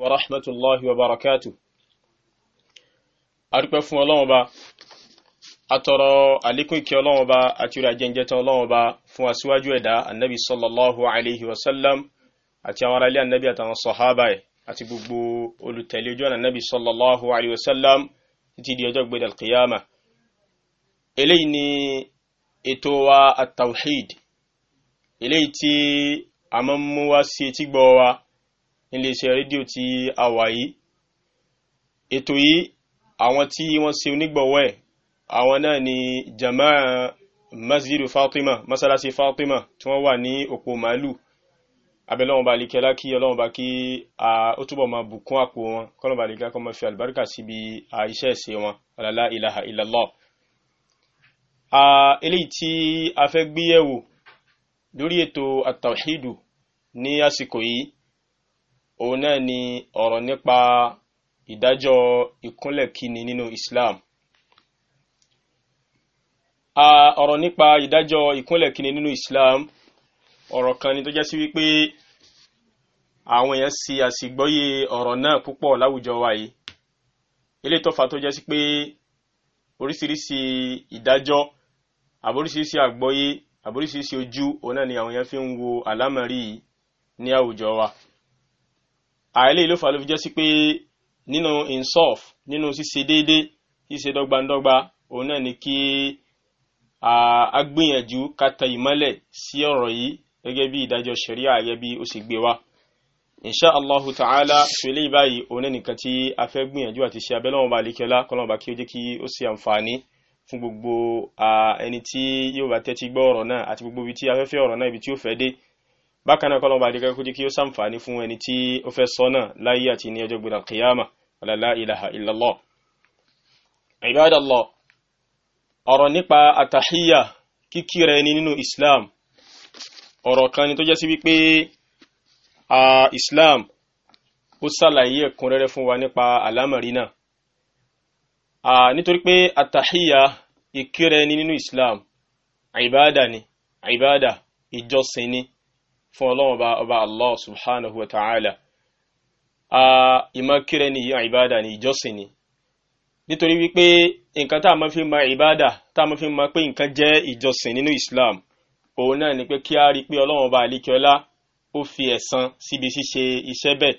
wa rahmatullahi wa barakatuh adúpẹ́ fún ọlọ́run ọba atọrọ àlékún ìkẹ́ ọlọ́run ọba àti orí ajẹ́njẹ́tọ́ ọlọ́run ọba fún aṣíwájú ẹ̀dá annabi sallallahu alaihi wasallam àti àwọn aráalé annabi àtàwọn sọ̀hábà ẹ̀ àti gbogbo olùtẹ̀lé ojú ọ̀nà annabi sallallahu alaihi wasallam títí di ọjọ́ gbẹ̀dẹ̀ alqiyama eléyìí ni ètò wa at-tawhid eléyìí tí a máa ń mú wá wa nílé iṣẹ́ rédíò tí a wà yìí ètò yìí àwọn tí wọ́n ṣe onígbọ̀wọ́ ẹ̀ àwọn náà ni jamaa masjidu fatima masalasi fatima tí wọ́n wà ní òpó màálù abẹ́lọ́wọ́n bá líkẹ́ lákí ọlọ́wọ́n bá kí ó túbọ̀ máa bùkún àpò wọn kọ́lọ́wọ́n bá líkẹ́ kọ́ fi àlùbáríkà síbi iṣẹ́ ìṣe wọn alàlá ilaha illallah eléyìí tí a fẹ́ gbéyẹ̀wò lórí ètò àtàwíìdù ní àsìkò yìí òun náà ni ọ̀rọ̀ nípa ìdájọ́ ìkúnlẹ̀ kíni nínú Islam ọ̀rọ̀ nípa ìdájọ́ ìkúnlẹ̀ kíni nínú Islam ọ̀rọ̀ kan ni tó jẹ́ sí wípé àwọn èèyàn sì àsìgbọ́yé ọ̀rọ̀ náà púpọ̀ láwùjọ wa yìí eléyìí tó fà tó jẹ́ sí pé oríṣiríṣi ìdájọ́ àbóríṣiríṣi àgbọ́yé àbóríṣiríṣi ojú òun náà ni àwọn èèyàn fi ń wo àlámọ̀rí ní àwùjọ wa àìlè ló fà ló fi jẹ́ sí pé nínú insof nínú ṣíṣe déédé ṣíṣe dọ́gbandọ́gba òun náà ni kí a gbìyànjú ká tẹ ìmọ́lẹ̀ sí ọ̀rọ̀ yìí gẹ́gẹ́ bí ìdájọ́ ṣẹ̀ríà gẹ́gẹ́ bí ó sì gbé wá insha allahu ta'ala ṣẹlẹ̀ báyìí òun náà nìkan tí a fẹ́ gbìyànjú àti ṣe abẹ́lẹ́ wọn bá lékẹ́lá kọ́lọ́n bá kí ó jẹ́ kí ó ṣe àǹfààní fún gbogbo ẹni tí yóò bá tẹ́tí gbọ́ ọ̀rọ̀ náà àti gbogbo ibi tí afẹ́fẹ́ ọ̀rọ̀ náà ibi tí ó fẹ́ dé bákan náà kọ́lọ́mọba àdìgẹ́ kó jẹ́ kí ó sàǹfààní fún ẹni tí ó fẹ́ sọ náà láyé àti ní ọjọ́ gbọdọ̀ kìyàmà la ilaha illallah ibadallah ọ̀rọ̀ nípa àtàhíyà kíkíra ẹni nínú islam ọ̀rọ̀ kan ni tó jẹ́ sí wípé a islam ó sàlàyé ẹ̀kúnrẹ́rẹ́ fún wa nípa àlámọ̀rí náà nítorí pé àtàhíyà ìkíra ẹni nínú islam àìbáadà ni àìbáadà ìjọsìn ni fún ọlọ́run ọba allah subhanahu wa ta'ala ìmọ̀kírẹ ni ìyá ni ìjọsìn ni nítorí wípé nǹkan tá a máa fi mọ ìbádà tá a máa fi mọ pé nǹkan jẹ́ ìjọsìn nínú islam òun náà ni pé kí a rí i pé ọlọ́run ọba àlekíọ́lá ó fi ẹ̀san síbi ṣíṣe iṣẹ́ bẹ́ẹ̀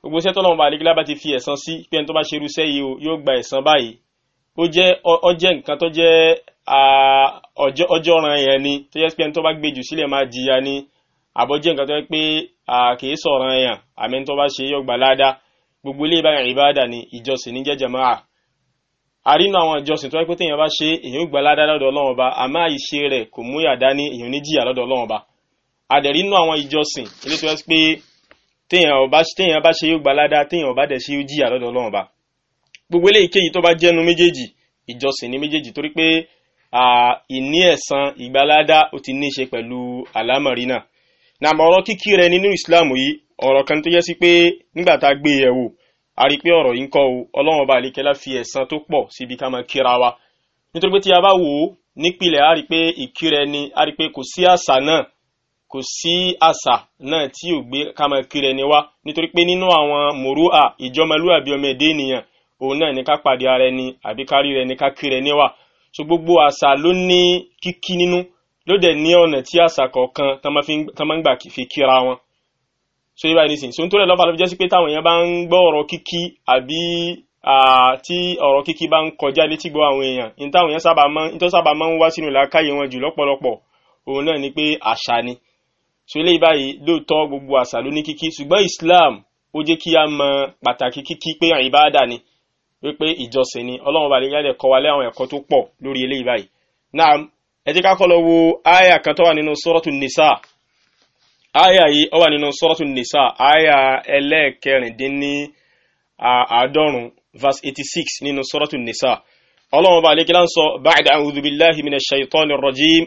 gbogbo iṣẹ́ tọ́lọ́run ọba àlekíọ́lá bá ti fi ẹ̀san sí pé ẹni tó bá ṣerú iṣẹ́ yìí yóò gba ẹ̀san báyìí ó jẹ́ ó jẹ́ nǹkan tó jẹ́ ọjọ́ ọ̀ràn yẹn ni tó jẹ́ pé ẹni tó bá gbèjù sílẹ̀ máa jìyà ni àbọ̀jẹ́ nǹkan tó yẹ pé kìí sọ̀rọ̀ ẹ̀yàn àmì tó bá ṣe yọgbà ládá gbogbo ilé ìbáyàn ìbáàdà ni ìjọsìn ní jẹ́jẹ̀ máa àrínú àwọn ìjọsìn tó yẹ pé téèyàn bá ṣe èyàn ó gbà ládá lọ́dọ̀ Ọlọ́run Ọba àmọ́ àìṣe rẹ̀ kò mú yàdá ní èyàn ní jìyà lọ́dọ̀ Ọlọ́run Ọba àdẹ̀rínú àwọn ìjọsìn ilé tó yẹ pé téèyàn bá ṣe yóò gbà ládá téèyàn bá dẹ̀ ṣe yóò jìyà lọ́dọ̀ Ọlọ́run Ọba gbogbo ilé ìkéyìí tó bá jẹ́nu méjèèjì ìjọsìn ní méjèèjì torí pé ìní ẹ̀san ìgbàládá ó ti ní í ṣe pẹ̀lú àlámọ̀rí náà nàmọ ọ̀rọ̀ kíkí rẹ̀ nínú islam yìí ọ̀rọ̀ kan tó yẹ sí pé nígbà tá a gbé e yẹ̀ wò a rí i pé ọ̀rọ̀ yìí ń kọ́ o ọlọ́run ọba àlekẹ́lá fi ẹ̀san tó pọ̀ síbi ká máa kíra wa nítorí pé tí a bá wò ó nípìnlẹ̀ a rí i pé ìkírẹ ni a rí i pé kò sí àṣà náà kò sí àṣà náà tí ò gbé ká máa kírẹ ni wá nítorí pé nínú àwọn mòrúà ìjọmọlúwàbí ọmọ ẹ̀dẹ́ ènìyàn òun náà ní ká pàdé ara ẹni àbí rẹ ní ká kírẹ ni wá so gbogbo àṣà ló ní kíkí nínú ló dẹ̀ ní ọ̀nà tí àṣà kọ̀ọ̀kan tán máa ń gbà fi kíra wọn so yíba ní sìn so nítorí lọ́fà ló fi jẹ́ sí pé táwọn èèyàn bá ń gbọ́ ọ̀rọ̀ kíkí àbí tí ọ̀rọ̀ kíkí bá ń kọjá létí gbọ́ àwọn èèyàn ní táwọn èèyàn sábà máa ń tó sábà máa ń wá sínú làákàyè wọn jù lọ́pọ̀lọpọ̀ òun náà ni pé àṣà ni so eléyìí báyìí lóòótọ́ gbogbo àṣà ló ní kíkí ṣùgbọ́n Islam ó jẹ́ kí a mọ pàtàkì kíkí pé ìbáàdà ni wípé ìjọsìn ni Ọlọ́run bá lè gẹ́gẹ́ kọ́ wa lé àwọn ẹ̀kọ́ tó pọ̀ lórí eléyìí báyìí náà ẹ jẹ́ ká kọ́ lọ wo aya kan tó wà nínú suratu nisa aya yìí ó wà nínú suratu nisa aya ẹlẹ́ẹ̀kẹrìndínní àádọ́rùn verse eighty six nínú suratu nisa ọlọ́run bá alekela ń sọ ba'da a'udhu billahi minash shaitanir rajim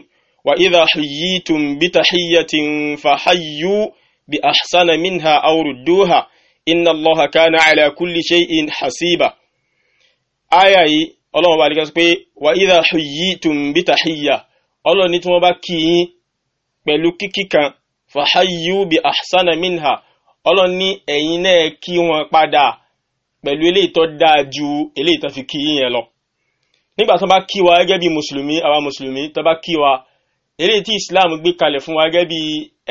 wa idha huyyitum bitahiyyatin fahayyu bi ahsana minha aw rudduha inna allaha kana ala kulli shay'in hasiba aya yìí ọlọ́run bá alekela sọ pé wa idha huyyitum bitahiyya ọlọ́run ní tí wọ́n bá kí yín pẹ̀lú kíkí kan fàáyù bí ahsana minha ọlọ́run ní ẹ̀yin náà kí wọn padà pẹ̀lú eléyìí tó dáa ju eléyìí tó fi kí yín yẹn lọ nígbà tó bá kí wa gẹ́gẹ́ bí mùsùlùmí àwa mùsùlùmí tó bá kí wa eléyìí tí islam gbé kalẹ̀ fún wa gẹ́gẹ́ bí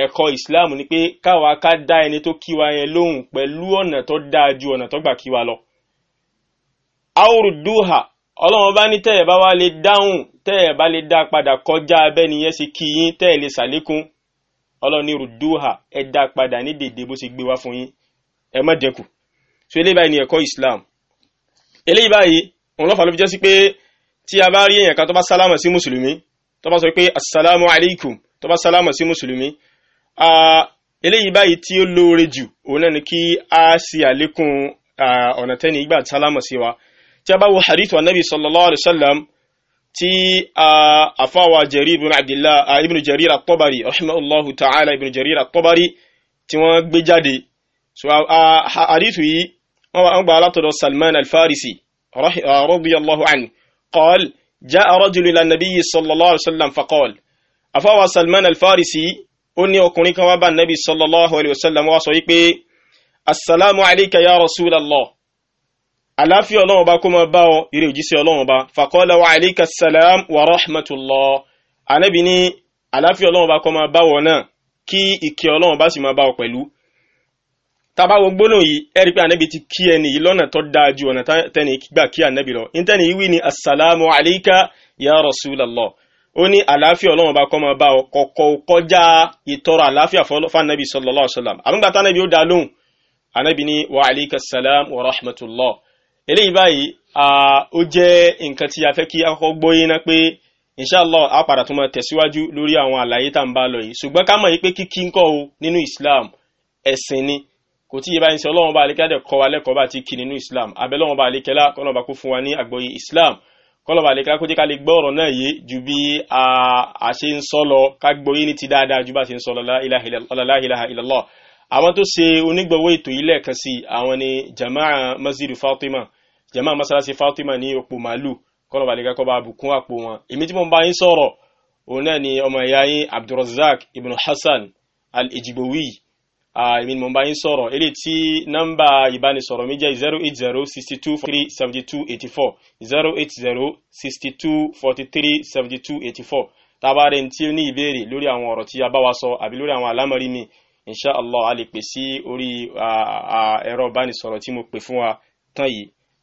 ẹ̀kọ́ islam ni pé káwa ká dá ẹni tó kí wa yẹn lóhùn pẹ̀lú ọ̀nà tó dáa ju ọ̀nà tó gbà kí wa lọ. awuruduha ọlọ́run bá ní tẹ̀yẹ̀ bá wa lè dáhùn tẹ́ ẹ̀ bá lè dá padà kọjá abẹ́ni yẹn ṣe kí yín tẹ́ ẹ̀ lè ṣàlékún ọlọ́ni rùdúhà ẹ dá padà ní dèdè bó ṣe gbé wá fún yín ẹ má dẹ́kù so eléyìí báyìí ni ẹ̀kọ́ Islam eléyìí báyìí òun lọ́fà ló fi jẹ́ sí pé tí a bá rí èèyàn kan tó bá sálámà sí mùsùlùmí tó bá sọ pé assalamu alaikum tó bá sálámà sí mùsùlùmí eléyìí báyìí tí ó lóore jù òun náà ni kí a ṣe àlékún ọ̀nà tẹ́ni ìgbà sálámà sí wa tí a bá wo hadith wa nabi sallallahu alaihi wa sallam tí àfáwà Jarir ibn Abdillah ibn Jarir at-Tabari rahimahullahu ta'ala ibn Jarir at-Tabari tí wọ́n gbé jáde so hadithu yìí wọ́n gba látọ̀dọ̀ Salman al-Farisi radiyallahu anhu qal ja'a rajulun ila nabiyyi sallallahu alaihi Salman al-Farisi ó ní ọkùnrin kan wá sallallahu alaihi wasallam wá sọ wípé àláfíà ọlọ́run ọba kó máa bá ọ eré òjíṣẹ́ ọlọ́run ọba faqala wa alayka salam wa rahmatullah ànábì ní àláfíà ọlọ́run ọba kó máa bá wọ náà kí ìkẹ́ ọlọ́run ọba sì máa bá ọ pẹ̀lú tabawo gbólóhùn yìí ẹ̀rí pé ànábì ti kí ẹni yìí lọ́nà tó dáa ju ọ̀nà tẹ́ni gbà kí ànábì lọ ìtẹ́ni yìí wí ni assalamu alayka ya rasulallah ó ní àláfíà ọlọ́run ọba kó máa bá ọ kọ̀kọ̀ kọjá ìtọrọ àláfíà fanabi sallallahu alayhi eléyìí báyìí ó jẹ́ nǹkan tí a fẹ́ kí akọ́kọ́ gbóyé ná pé inshallah a padà tún máa tẹ̀síwájú lórí àwọn àlàyé tá à ń bá lọ yìí ṣùgbọ́n ká mọ̀ yìí pé kíkí ńkọ́ o nínú Islam ẹ̀sìn ni kò tí ì bá ń sọ ọlọ́run bá àlékẹ́ dẹ̀ kọ́ wa lẹ́kọ̀ọ́ bá ti kí nínú Islam abẹ́lọ́run bá àlékẹ́ lá kọ́nà bá kó fún wa ní àgbọ́yé Islam kọ́nà bá àlékẹ́ lá kó jẹ́ ká lè gbọ́ ọ̀rọ̀ náà yé ju bí a ṣe ń sọ lọ ká gbọ́yé ní ti dáadáa ju bá ṣe ń sọ lọ la ilaha illallah àwọn tó ṣe onígbọ̀wọ́ ètò yìí lẹ́ẹ̀kan sí jama'a Masjidu Fatima jàmá masalasi Fatima ní òpó màálù kọ́lọ̀ balẹ̀ kọ́ bá bùkún àpò wọn èmi tí mo bá yín sọ̀rọ̀ òun náà ni ọmọ ìyá yín Abdulrazak ibn Hassan al-Ejigbowi èmi ni mo bá yín sọ̀rọ̀ eléyìí tí nọ́mbà ìbánisọ̀rọ̀ mi jẹ́ zero eight zero sixty two forty three seventy two eighty four zero eight zero sixty two forty three seventy two eighty four tábàárẹ̀ tí ó ní ìbéèrè lórí àwọn ọ̀rọ̀ tí a bá wa sọ àbí lórí àwọn àlámọ̀rí mi insha allah a lè pè sí orí ẹ̀rọ ìbánisọ̀rọ̀ tí mo pè fún wa tán yìí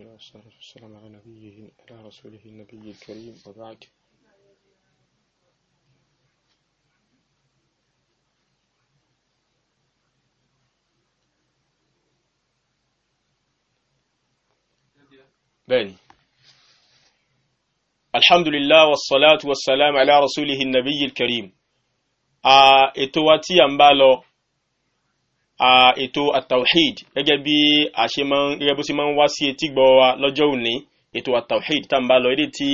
الله والصلاة والسلام على نبيه على رسوله النبي الكريم وبعد بني الحمد لله والصلاة والسلام على رسوله النبي الكريم اتواتي آه، أمبالو ètò atawhid gẹ́gẹ́ bí a ṣe máa ń gẹ́gẹ́ bó ṣe máa ń wá sí etí gbọ́ wa lọ́jọ́ òní ètò atawhid tá n bá lọ èdè tí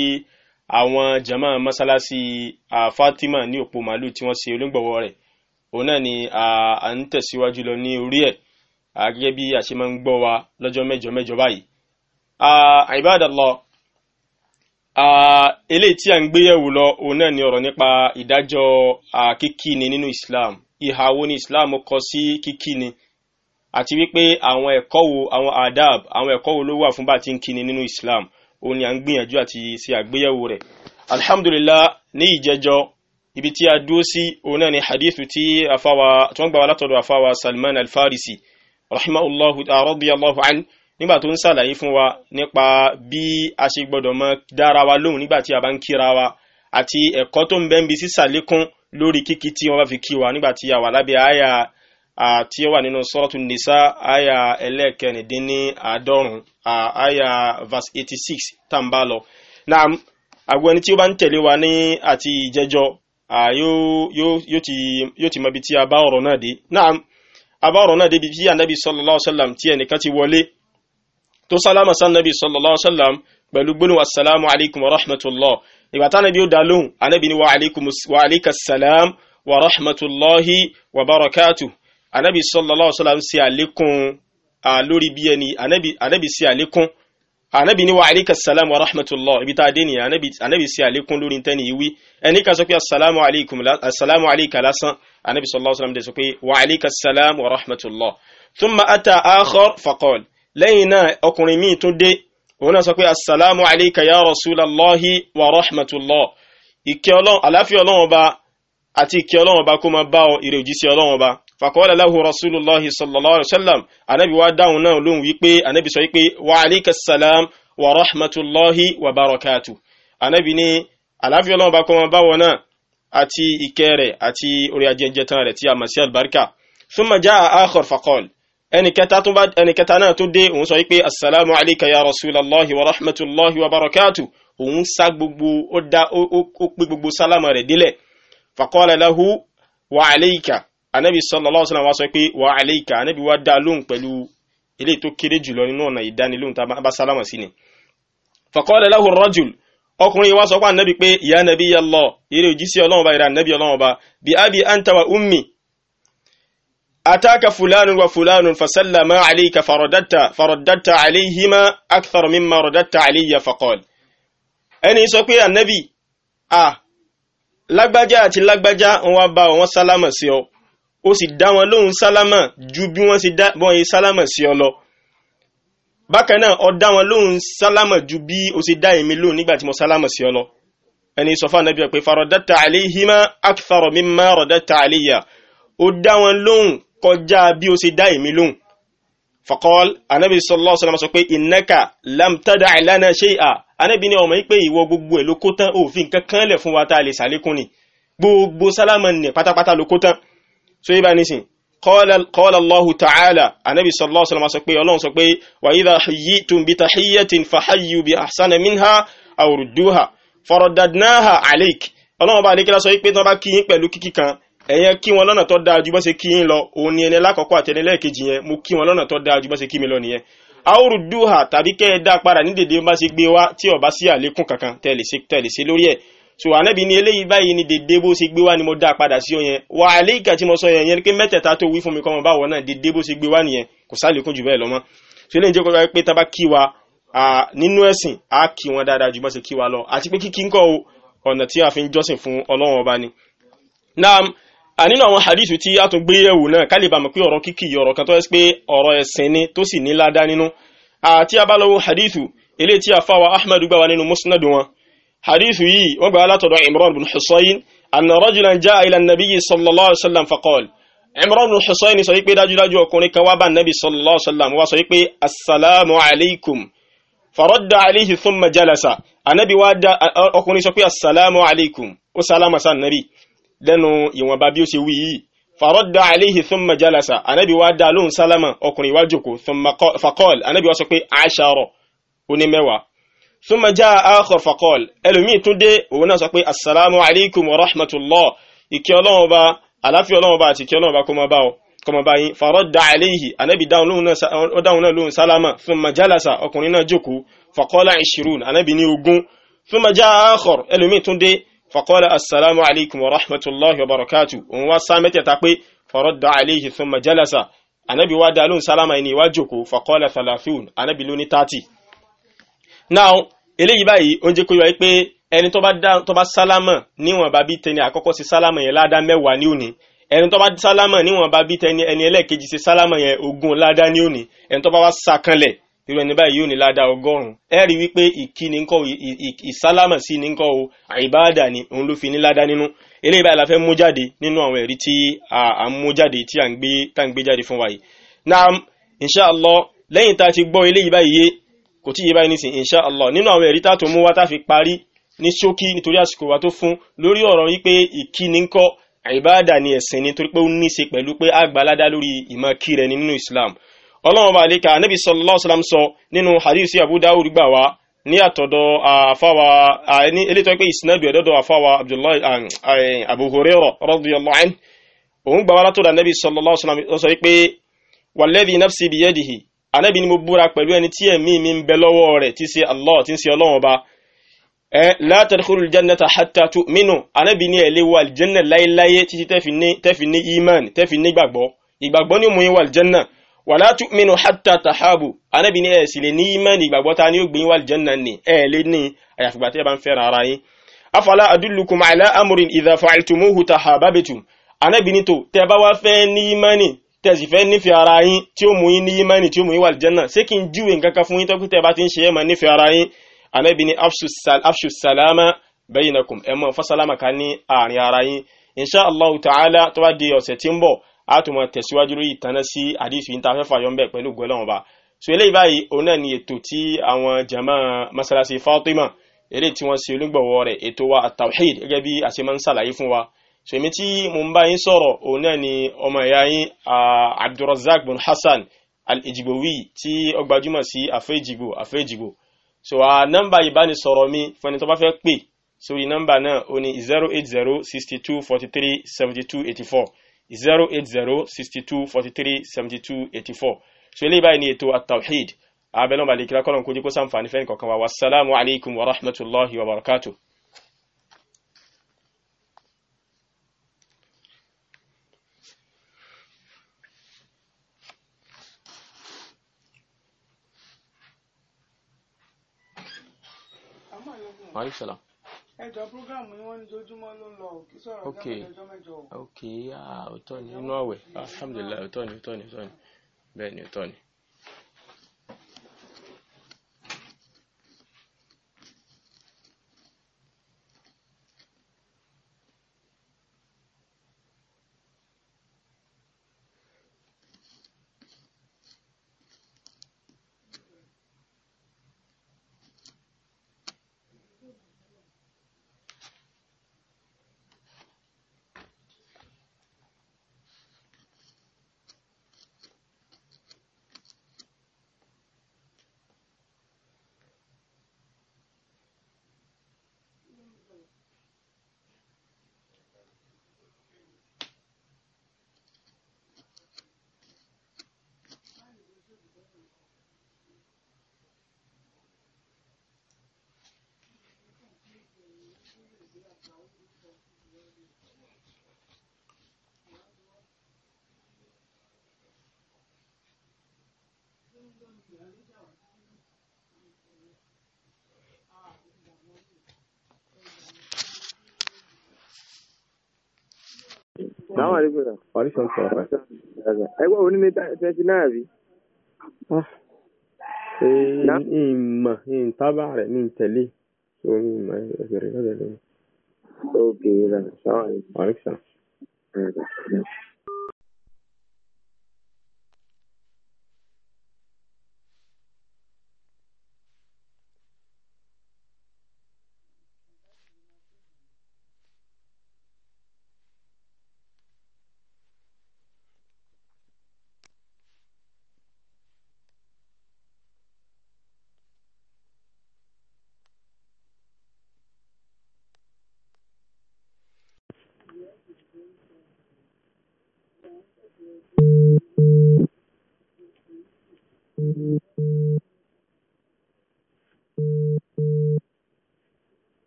àwọn jama masalasi Fatima ní òpó màálù tí wọ́n ṣe olóńgbọ̀wọ́ rẹ̀ òun náà ni à ń tẹ̀síwájú lọ ní orí ẹ̀ gẹ́gẹ́ bí a ṣe máa ń gbọ́ wa lọ́jọ́ mẹ́jọ mẹ́jọ báyìí. Ibadallah eléyìí tí a ń gbéyẹ̀wò lọ òun náà ni ọ̀rọ̀ nípa ìdájọ́ kíkí ni nínú Islam ìhà wo ni islam kọ sí kíkíni àti wípé àwọn ẹ̀kọ́ wo àwọn adab àwọn ẹ̀kọ́ wo ló wà fún bá ti ń kíni nínú islam òun ni à ń gbìyànjú àti ṣe àgbéyẹ̀wò rẹ̀ alhamdulillah ní ìjẹjọ ibi tí a dúró sí òun náà ni hadithu tí afáwa tí wọ́n gbà wá látọ̀dọ̀ afáwa salman alfarisi rahimahullahu radiyallahu an nígbà tó ń sàlàyé fún wa nípa bí a ṣe gbọ́dọ̀ mọ dára wa lóhùn nígbà tí a bá ń kíra wa àti ẹ̀kọ́ tó ń bẹ ń bi sísàlékún lórí kíkí tí wọ́n bá fi kí wa nígbà tí a wà lábẹ́ àyà tí ó wà nínú sọ́rọ́tù nìsá àyà ẹlẹ́ẹ̀kẹrìndínláàádọ́rùn àyà verse eighty six tá n bá lọ. na àwọn ẹni tí ó bá ń tẹ̀lé wa ní àti ìjẹ́jọ́ yóò ti mọ ibi tí a bá ọ̀rọ̀ náà dé. náà a bá ọ̀rọ̀ náà débi tí anabi sallallahu alayhi wa sallam tí ẹnìkan ti wọlé tó sálámà sanabi wa sallam ìgbà tí anabi ó dá lóhùn anabi ni wa aleykum salam wa rahmatulahi wa barakatu anabi sallallahu alaihi wasallam ṣe àlékún lórí bí ẹni anabi ṣe àlékún anabi ni wa aleykum salam wa rahmatulahi ibi tá a dé ni anabi ṣe àlékún lórí tẹ́ni ìwí ẹni kan sọ pé asalaamu aleykum asalaamu aleyka lásán anabi sallallahu alaihi wasallam dẹ̀ sọ pé wa aleykum salam wa rahmatulahi òun náà sọ pé assalamu alayka ya rasulallahi wa rahmatullah ìkẹ́ ọlọ́run àláfíà ọlọ́run ọba àti ìkẹ́ ọlọ́run ọba kó máa bá ọ ìrè òjíṣẹ́ ọlọ́run ọba faqala lahu rasulullahi sallallahu alayhi wa sallam anabi wa dáhùn náà lóhùn wípé anabi sọ wípé wa alayka salam wa rahmatulahi wa barakatu anabi ní àláfíà ọlọ́run ọba kó máa bá wọn náà àti ìkẹ́ rẹ̀ àti orí ajẹ́jẹ́ tán rẹ̀ tí a mọ̀ sí albarka thumma jaa akhar ẹni kẹta náà tó dé òun sọ wípé assalamu alayka ya rasulallahi wa rahmatullahi wa barakatu òun sá gbogbo ó dá ó pé gbogbo sálámà rẹ̀ délẹ̀ faqala lahu wa alayka anabi sallallahu alaihi wasallam wa sọ pé wa alayka anabi wa dá lóhùn pẹ̀lú eléyìí tó kéré jùlọ nínú ọ̀nà ìdánilóhùn tá bá sálámà sí ni faqala lahu rajul ọkùnrin wa sọ pé anabi pé ya nabiyallah eré òjísé ọlọ́run ba ìrà anabi ọlọ́run ba bi abi anta wa ummi أتاك فلان وفلان فسلم عليك فرددت فرددت عليهما أكثر مما رددت علي فقال ẹni sọ pé ànábì à lágbájá àti lágbájá wọ́n bá wọn sálámà sí ọ ó sì dá wọn lóhùn sálámà ju bí wọ́n sì dá wọn yìí sálámà sí ọ lọ bákan náà ọ dá wọn lóhùn ju bí o sì dá èmi lóhùn nígbà mo sálámà sí ọ lọ ẹni sọ fún ànábì pé farodata àléhìmá akthar mimma rodata àléyà ó dá wọn lóhùn kọjá bí o ṣe dá èmi lóhùn faqal anabi sallallahu alaihi wasallam sọ pé innaka lam tad'a lana shay'a anabi ní ọmọ yìí pé ìwọ gbogbo ẹ̀ ló kó tán òfin kankan lẹ̀ fún wa tá a lè sàlékún ni gbogbo sálámà nì pátápátá ló kó tán so yìí bá nísìn qala Allahu ta'ala anabi sallallahu alaihi wasallam sọ pé ọlọ́run sọ pé wa idha huyyitum bi tahiyyatin fahayyu bi ahsana minha aw rudduha faradadnaha alayk ọlọ́run bá àlékẹ́lá sọ pé tí wọ́n bá kí pẹ̀lú kíkí kan ẹ̀yẹn kí wọn lọ́nà tó dáa ju bọ́n ṣe kí yín lọ òun ni ẹni lákọ̀ọ́kọ́ àti ẹni lẹ́ẹ̀kejì yẹn mo kí wọn lọ́nà tó dáa ju bọ́n ṣe kí mi lọ nìyẹn àwòrán dùhà tàbí kẹ́ ẹ dá padà ní dèdè bá ṣe gbé wá tí ó sí àlékún kankan tẹ̀lé ṣe lórí ẹ̀ so ànábì ni eléyìí báyìí ni dèdè bó ṣe gbé wá ni mo dá padà sí ọ yẹn wà á léyìí mo sọ yẹn yẹn pé mẹ́tẹ̀ẹ̀ta tó wí fún mi kọ́mọ báwọ̀ náà dèdè bó ṣe so eléyìí jẹ́ kọ́kọ́ pé tábà kí wa nínú ẹ̀sìn á kí wọn dáadáa ju bá ṣe kí wa nínú àwọn hadithu tí a tún gbé yẹ̀wò náà ká lè bá mọ̀ pé ọ̀rọ̀ kíkì ọ̀rọ̀ kan tó ẹ́ pé ọ̀rọ̀ ẹ̀sìn ni tó sì ní ládá nínú àti abálọ́wọ́ hadithu eléyìí tí àfáwa ahmed gbà wá nínú musnad wọn hadithu yìí wọ́n gbà látọ̀dọ̀ imran bin husayn anna rajulan jaa ila nabiyyi sallallahu alaihi wasallam faqal imran bin husayn sọ pé dájúdájú ọkùnrin kan wá bá nabi sallallahu alaihi wasallam wá wá sọ pé assalamu alaikum lẹ́nu ìwọ̀nba bí ó ṣe wí yìí faradda alayhi thumma jalasa anabi wa dá lóhùn sálámà ọkùnrin wá jókòó thumma faqal anabi wa sọ pé ashara ó ní mẹ́wàá thumma jaa akhar faqal ẹlòmíì tún dé òun náà sọ pé assalamu alaykum wa rahmatullah ìkẹ́ ọlọ́run ọba àláfíà ọlọ́run ọba àti ìkẹ́ ọlọ́run ọba kó máa bá ọ kọmọ báyìí faradda alayhi anábì dáhùn náà lóhùn sálámà thumma jalasa faqala assalamu alaikum wa rahmatullahi wa barakatuh òun wá sá mẹ́tẹ̀ẹ̀ta pé faradda alayhi thumma jalasa anabi wá dá lóhùn sálámà ẹni wá jókòó faqala thalathun anabi ló ní 30. now eléyìí báyìí ó ń jẹ́ kó yọ pé ẹni tó bá sálámà níwọ̀n bá bí tẹni àkọ́kọ́ sí sálámà yẹn ládá mẹ́wàá ní òní ẹni tó bá sálámà níwọ̀n bá bí tẹni ẹni ẹlẹ́ẹ̀kejì sí sálámà yẹn ogún ládá ní òní ẹni tó bá wá sàkànlẹ̀ irú ẹni báyìí yóò ní ládàá ọgọ́rùn-ún ẹ rí wípé ìkíni ńkọ́ ìsálámà sí ní ńkọ́ o àìbáàdà ni òun ló fi ní ládàá nínú eléyìí báyìí la fẹ́ mú jáde nínú àwọn ẹ̀rí tí à ń mú jáde tí à ń gbé tá ń gbé jáde fún wa yìí naam inshallah lẹ́yìn tá a ti gbọ́ eléyìí báyìí yé kò tí yé báyìí nísìn inshallah nínú àwọn ẹ̀rí tá a tó mú wá tá a fi parí ní ṣókí nítorí àsìkò wa tó fún lórí ọ̀rọ̀ wípé ìkíni ńkọ́ àìbáàdà ni ẹ̀sìn ni torí pé ó ní í ṣe pẹ̀lú pé àgbàládá lórí ìmọ̀ kí rẹ nínú Islam ọlọ́run ọba àlekà anábì sallallahu alaihi wasallam sọ nínú hadith sí Abu Dawud gbà wá ní àtọ̀dọ̀ àfáwà ní elétọ́ pé ìsinádùú ẹ̀dọ́dọ̀ àfáwà Abdullahi Abu Hurairah radiyallahu anhu òun gbà wá látọ̀dọ̀ anábì sallallahu alaihi wasallam sọ pé walladhi nafsi biyadihi anábì ni mo búra pẹ̀lú ẹni tí ẹ̀mí mi ń bẹ lọ́wọ́ rẹ̀ tí ń ṣe Allah tí ń ṣe ọlọ́run ọba la tadkhulul jannata aljanna wàlá tu'minu hatta tahabu anábì ní ẹ̀ sì lè ní ìmánì ìgbàgbọ́ ta ni ó gbé yín wà lìjẹ́ náà ni ẹ̀ lé ní àyàfìgbà tí ẹ bá ń fẹ́ràn ara yín afala adullukum ala amrin idha fa'altumuhu tahababitum anábì ní tó tẹ́ bá wá fẹ́ ní ìmánì tẹ́ sì fẹ́ nífẹ̀ẹ́ ara yín tí ó mú yín ní ìmánì tí ó mú yín wà lìjẹ́ náà ṣé kí n júwe nǹkan kan fún yín tó a tún mọ tẹ̀síwájú lórí ìtànà sí àdìsù yìí tá a fẹ́ fàyọ́ ńbẹ̀ pẹ̀lú ògùn ọlọ́run ọba so eléyìí báyìí òun náà ni ètò tí àwọn jama masalasi Fatima eré tí wọ́n ṣe olúgbọ̀wọ́ rẹ̀ ètò wa at-tawhid gẹ́gẹ́ bí a ṣe máa ń ṣàlàyé fún wa so èmi tí mo ń bá yín sọ̀rọ̀ òun náà ni ọmọ ìyá yín Abdulrazak bin Hassan al-Ejigbowi tí ó gbajúmọ̀ sí afẹ́ Ejigbo so a nọ́mbà ìbánisọ̀rọ̀ mi fẹ́ni tó bá fẹ́ pè sórí nọ́mbà náà ó ní zero eight zero sixty two forty three seventy two eighty four zero eight zero sixty two forty three seventy two eighty four so eléyìí báyìí ni ètò at-tawhid abẹ́lẹ́ ọba lèkìlá kọ́lọ̀ kojú kó sàǹfààní fẹ́ni kọ̀ọ̀kan wa wasalaamu alaykum wa rahmatulahi wa barakatuh. Maaleykum salaam ẹjọ programu ni wọn ní ojoojúmọ́ ló ń lọ kí sọ̀rọ̀ ọjọ́ mẹ́jọ o. ok ok ah, ọ̀tọ̀ ni inú ọ̀wẹ̀ alhamdulilayi ọ̀tọ̀ ni ọ̀tọ̀ ni ọ̀tọ̀ ni bẹ́ẹ̀ ni ni. Salamu alaikum. Wa alaikum salam. Ẹ gbọ́ òní ni tẹ́tí náà bí. Ìmọ̀ ìtàbà rẹ̀ ní tẹ̀lé. So mi ìmọ̀ ẹ̀rẹ̀ lọ́dọ̀ lọ́wọ́. Ok, salamu alaikum. Wa alaikum salam.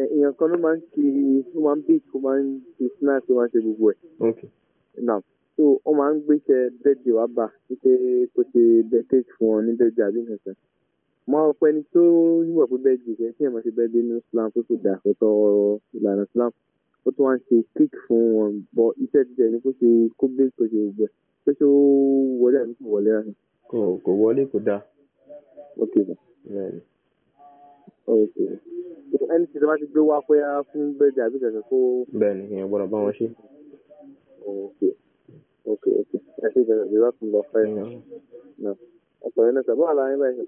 èèyàn kan ló máa ń ṣe ló máa ń bake ó máa ń ṣe snacks ó máa ń ṣe gbogbo ẹ̀. now so wọ́n máa ń gbéṣẹ́ birthday wá bá wípé kó ṣe birthday fún wọn ní birthday àbí nǹkan kan mọ ọpẹ ni tó yíwọ pé birthday kẹ kí ẹ máa ṣe birthday nínú Islam tó kò dà ọ̀tọ̀ ìlànà Islam ó tún wá ń ṣe cake fún wọn bọ iṣẹ́ ti tẹ kó ṣe kó bake kó ṣe gbogbo ẹ pé ṣó wọlé àbí kò wọlé rárá. kò wọlé kò dáa. ok sir ẹni tí ìjọba ti gbé wá pé a fún bẹ́ẹ̀dì àbí kẹ̀kẹ́ kó. bẹ́ẹ̀ni ìyẹn gbọ́dọ̀ bá wọn ṣe. ok ok ẹ ṣe ìjọba ìjọba kò lọ fẹ́ náà ọkùnrin náà sábà wà láàrin báyìí.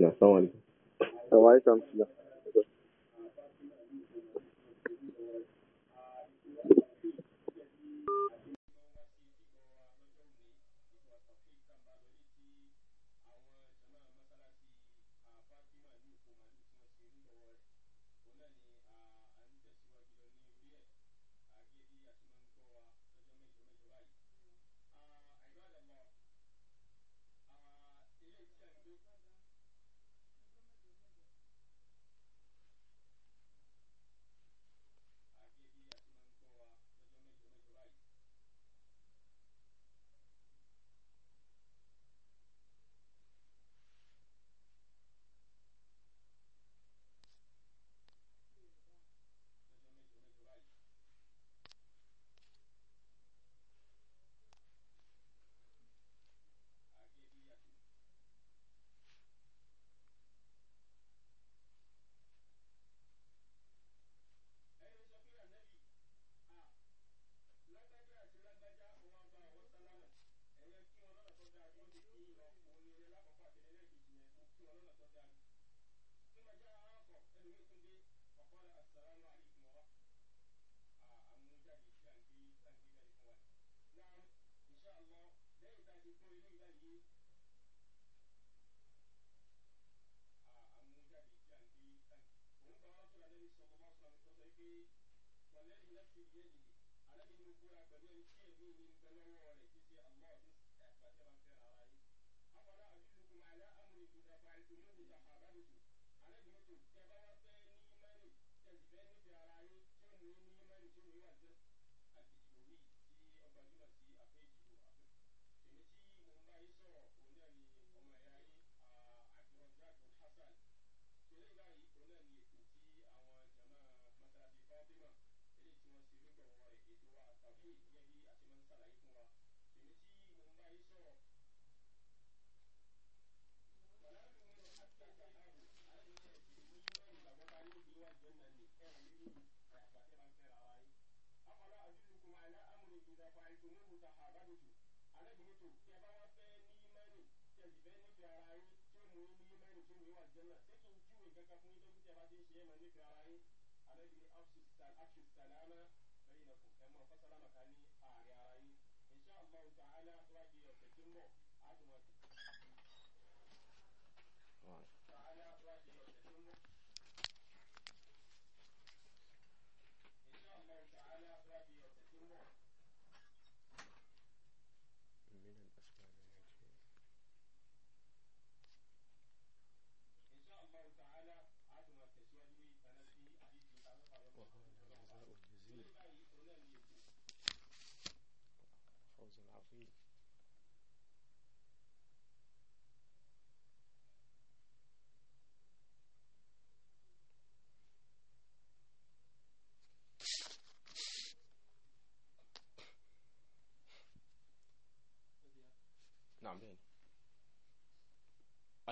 náà sáwọn ni. àwọn àìsàn ti lọ.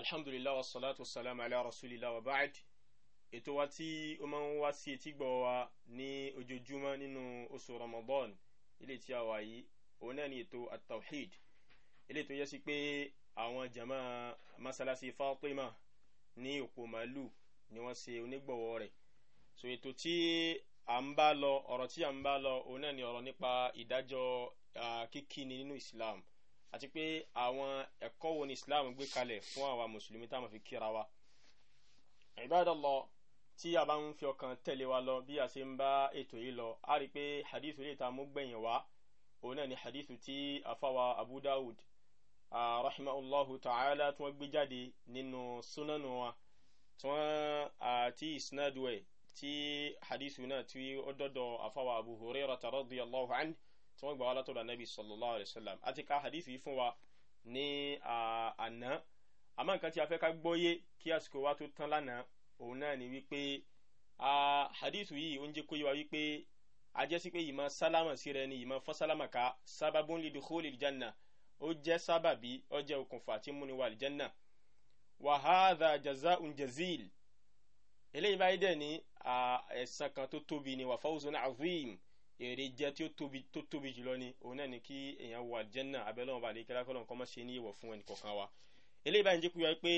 alhamdulillah wassalatu wassalamu ala rasulillah wa ba'd ètò wa tí ó máa ń wá sí etí gbọ́ wa ní ojoojúmọ́ nínú oṣù ramadan ilé tí a wà yìí òun náà ni ètò at-tawhid ilé tó yẹ sí pé àwọn jama masalasi fatima ní òpó ni wọ́n ṣe onígbọ̀wọ́ rẹ̀ so ètò tí à ń bá lọ ọ̀rọ̀ tí à ń bá lọ òun ni ọ̀rọ̀ nípa ìdájọ́ kíkíni nínú islam àti pé àwọn ẹ̀kọ́ wo ni islam gbé kalẹ̀ fún àwa mùsùlùmí tá fi kíra wa ibadallah tí a bá ń fi ọkàn tẹ̀lé wa lọ bí a ṣe ń bá ètò yìí lọ a rí i pé hadith lè ta mú gbẹ̀yìn wá òun náà ni hadith tí afawa abu dawud rahimahullahu ta'ala tí wọ́n gbé jáde nínú sunanu wa tí wọ́n àti isnadu ẹ̀ tí hadith náà tí ó dọ́dọ̀ afawa abu hurairah radiyallahu anhu tí wọ́n gbà wá látọ̀dọ̀ anabi sallallahu alayhi wa sallam àti ká hadith yìí fún wa ní àná àmọ́ nǹkan tí a fẹ́ ká gbọ́yé kí àsìkò wa tó tán lánàá òun náà ni wípé hadith yìí ó ń jẹ́ kó yé wa wípé ajẹ́sí pé ìmọ̀ sálámà sí rẹ ni ìmọ̀ fọ́sálámà ká sábàbùn lè dùkú lè jẹ́nà ó jẹ́ sábàbí ó jẹ́ okùnfà tí múni wà lè jẹ́nà jaza unjazil eléyìí báyìí dẹ̀ ní ẹ̀san kan tó tóbi ni wàfáwùsùn azim èrè jẹ tí ó tóbi jùlọ ni òun náà ni kí èèyàn wọ àlìjẹ́nà abẹ́lẹ́ wọn bá lè kí alákọ̀ọ́lọ́ nǹkan má ṣe ní ìwọ̀ fún ẹnì kọ̀ọ̀kan wa eléyìí báyìí jẹ́ pé wáyé pé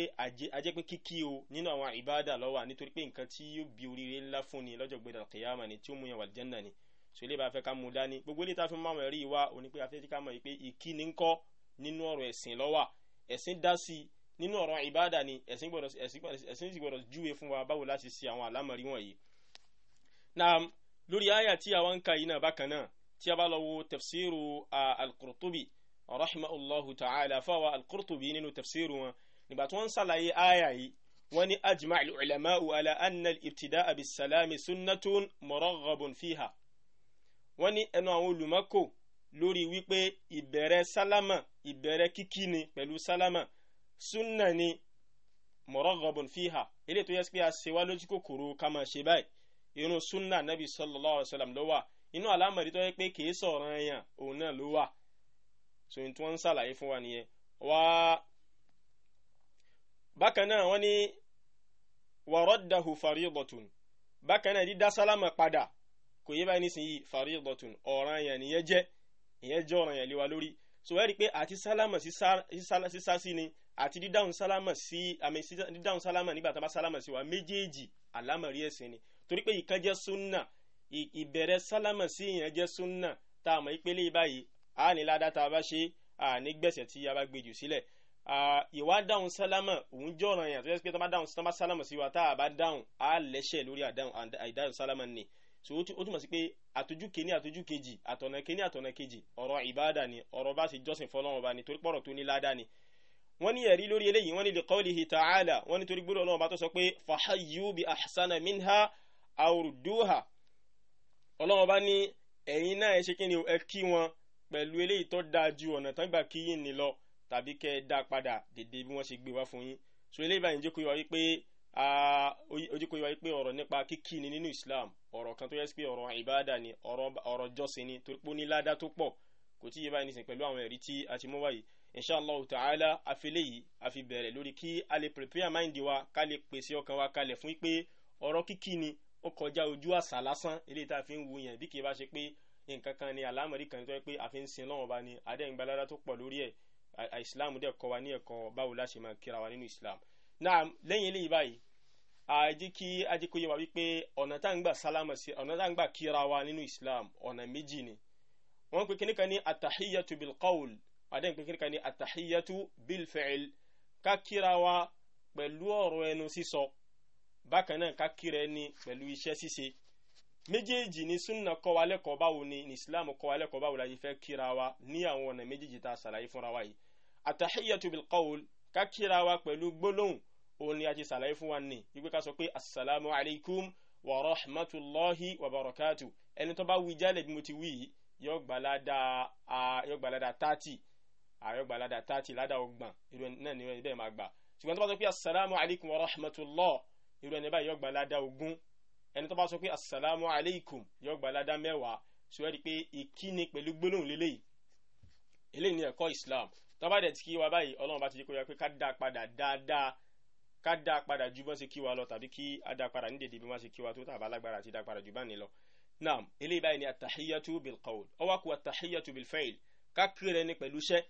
ajẹ́ pé kíkí o nínú àwọn ìbáàdà lọ́wọ́ nítorí pé nǹkan tí yóò bi oríire ńlá fún ni lọ́jọ́ gbẹdà kìyàmà ni tí ó mú yẹn wà jẹ́nà ni so eléyìí bá fẹ́ ká mú dání gbogbo eléyìí tá a fi máa ni ẹ̀sìn gbọ́dọ̀ ẹ̀sìn sì gbọ́dọ̀ júwe fún wa báwo láti ṣe àwọn àlámọ̀rí wọ̀nyí lórí àyà tí àwa ń ka yìí náà bákan náà tí a bá lọ wo tafsiru al-Qurtubi rahimahullahu ta'ala fáwa al-Qurtubi nínú tafsiru wọn nígbà tí wọ́n ń sàlàyé àyà yìí wọ́n ní ajma' al-ulama'u ala anna al-ibtida'a bis-salami sunnatun muraghabun fiha wọ́n ní ẹnu àwọn olùmọ́kò lórí wípé ìbẹ̀rẹ̀ sálámà ìbẹ̀rẹ̀ kíkí ni pẹ̀lú sálámà sunna ni muraghabun fiha eléyìí tó yẹ pé a ṣe wá lójú kòkòrò ká máa ṣe báyìí irun sunna nabi sallallahu alayhi wa sallam ló wà inú àlámọ̀rí tó yẹ pé kì í sọ̀rọ̀ ẹ̀yàn òun náà ló wà so n tí wọ́n ń ṣàlàyé fún wa nìyẹn wá bákan náà wọ́n ní waraddahu faridatun bákan náà dídá sálámà padà kò yé báyìí nísìnyí faridatun ọ̀ràn ẹ̀yàn nìyẹn jẹ́ ìyẹn jẹ́ ọ̀ràn ẹ̀yàn lé wa lórí so wẹ́n rí i pé àti sálámà sísá sí ni àti dídáhùn sálámà sí àmì dídáhùn sálámà nígbà tá bá sálámà sí wa méjèèjì àlámọ̀rí ẹ̀sìn ni torí pé ìkan jẹ́ súnà ìbẹ̀rẹ̀ sálámà sí ìyẹn jẹ́ súnà tá a mọ̀ ìpele báyìí a ní ládàá tá a bá ṣe a ní gbèsè tí a bá gbé jù sílẹ̀ ìwà dáhùn sálámà òun jọ̀ràn yàn tó yẹ pé tó bá dáhùn tó bá sálámà sí wa tá a bá dáhùn a lẹ́sẹ̀ lórí àìdáhùn sálámà ni so ó túmọ̀ sí pé àtọ́jú kìíní àtọ́jú kejì àtọ̀nà kìíní àtọ̀nà kejì ọ̀rọ̀ ìbáàdà ni ọ̀rọ̀ bá ṣe jọ́sìn fọlọ́run ọba ni torí pọ̀rọ̀ tó ní ládàá ni wọ́n ní ẹ̀rí lórí eléyìí wọ́n ní liqawlihi ta'ala wọ́n ní torí gbọ́dọ̀ ọlọ́run ọba tó sọ pé fahayyu bi ahsana minha àwòrúdúhà ọlọ́run bá ní ẹ̀yin náà ẹ ṣe kí ni ẹ kí wọn pẹ̀lú eléyìí tó dáa ju ọ̀nà tán gbà kí yín ni lọ tàbí kẹ́ ẹ dá padà dédé bí wọ́n ṣe gbé wá fún yín so eléyìí báyìí jókòó yọ wípé ojókòó yọ wípé ọ̀rọ̀ nípa kíkí ni nínú Islam ọ̀rọ̀ kan tó yẹ pé ọ̀rọ̀ ìbáàdà ni ọ̀rọ̀ jọ́sìn ni torí pé ó ní ládá tó pọ̀ kò tí yé báyìí nísìn pẹ̀lú àwọn ẹ̀rí tí a ti mú wáyìí inshallah ta'ala afilé yìí a ó kọjá ojú àṣà lásán eléyìí tá a fi ń wu yẹn bí kì í bá ṣe pé nǹkan kan ni àlámọ̀rí kan tó yẹ pé a fi ń sin lọ́wọ́n bá ní adẹ́gbẹ́lára tó pọ̀ lórí ẹ̀ islam dẹ̀ kọ́ wa ní ẹ̀kọ́ báwo la ṣe máa kíra wa nínú islam náà lẹ́yìn eléyìí báyìí àjí kí ajíkóyè wa wípé ọ̀nà tá ń gbà sálámà sí ọ̀nà tá ń gbà kíra wa nínú islam ọ̀nà méjì ni wọ́n pe kíní kan ní atahiyatu bil qawl adẹ́n pe kíní kan ní atahiyatu bil fi'l ká kíra wa pẹ̀lú ọ̀rọ̀ ẹnu sísọ bákan náà ká kíra ẹni pẹ̀lú iṣẹ́ ṣíṣe méjèèjì ni sunna kọ́ wa lẹ́kọ̀ọ́ báwo ni ni islam kọ́ wa lẹ́kọ̀ọ́ báwo la yìí fẹ́ kíra wa ní àwọn ọ̀nà méjèèjì tá a ṣàlàyé fúnra wa yìí àtàhíyàtú bil qawl ká kíra wa pẹ̀lú gbólóhùn òun ni a ti ṣàlàyé fún wa ní wípé ká sọ pé asalaamu alaykum wa rahmatulahi wa barakatu ẹni tó bá wí jálẹ̀ bí mo ti wí yìí yóò gbà ládàá tààtì ààrẹ gbà ládàá tààtì ládàá ọgbọ̀n irú náà ni wọ́n ibẹ̀ máa gbà ṣùgbọ́n tó bá sọ pé asalaamu alaykum wa rahmatulah irú ẹni báyìí yóò gba ládá ogún ẹni tó bá sọ pé assalamu alaykum yóò gba ládá mẹ́wàá sọ ẹ́ rí pé ìkíni pẹ̀lú gbólóhùn lélẹ́yìí eléyìí ni ẹ̀kọ́ Islam tó bá dẹ̀ ti kí wa báyìí Ọlọ́run bá ti jẹ́ kó yẹ pé ká dá padà dáadáa ká dá padà ju bọ́n ṣe kí wa lọ tàbí kí á dá padà ní dèdè bí wọ́n ṣe kí wa tó tàbá lágbára àti dá padà ju báni lọ naam eléyìí báyìí ni àtàhíyàtú bil qawl ó wá kù bil fa'il ká kéré ni pẹ̀lú iṣẹ́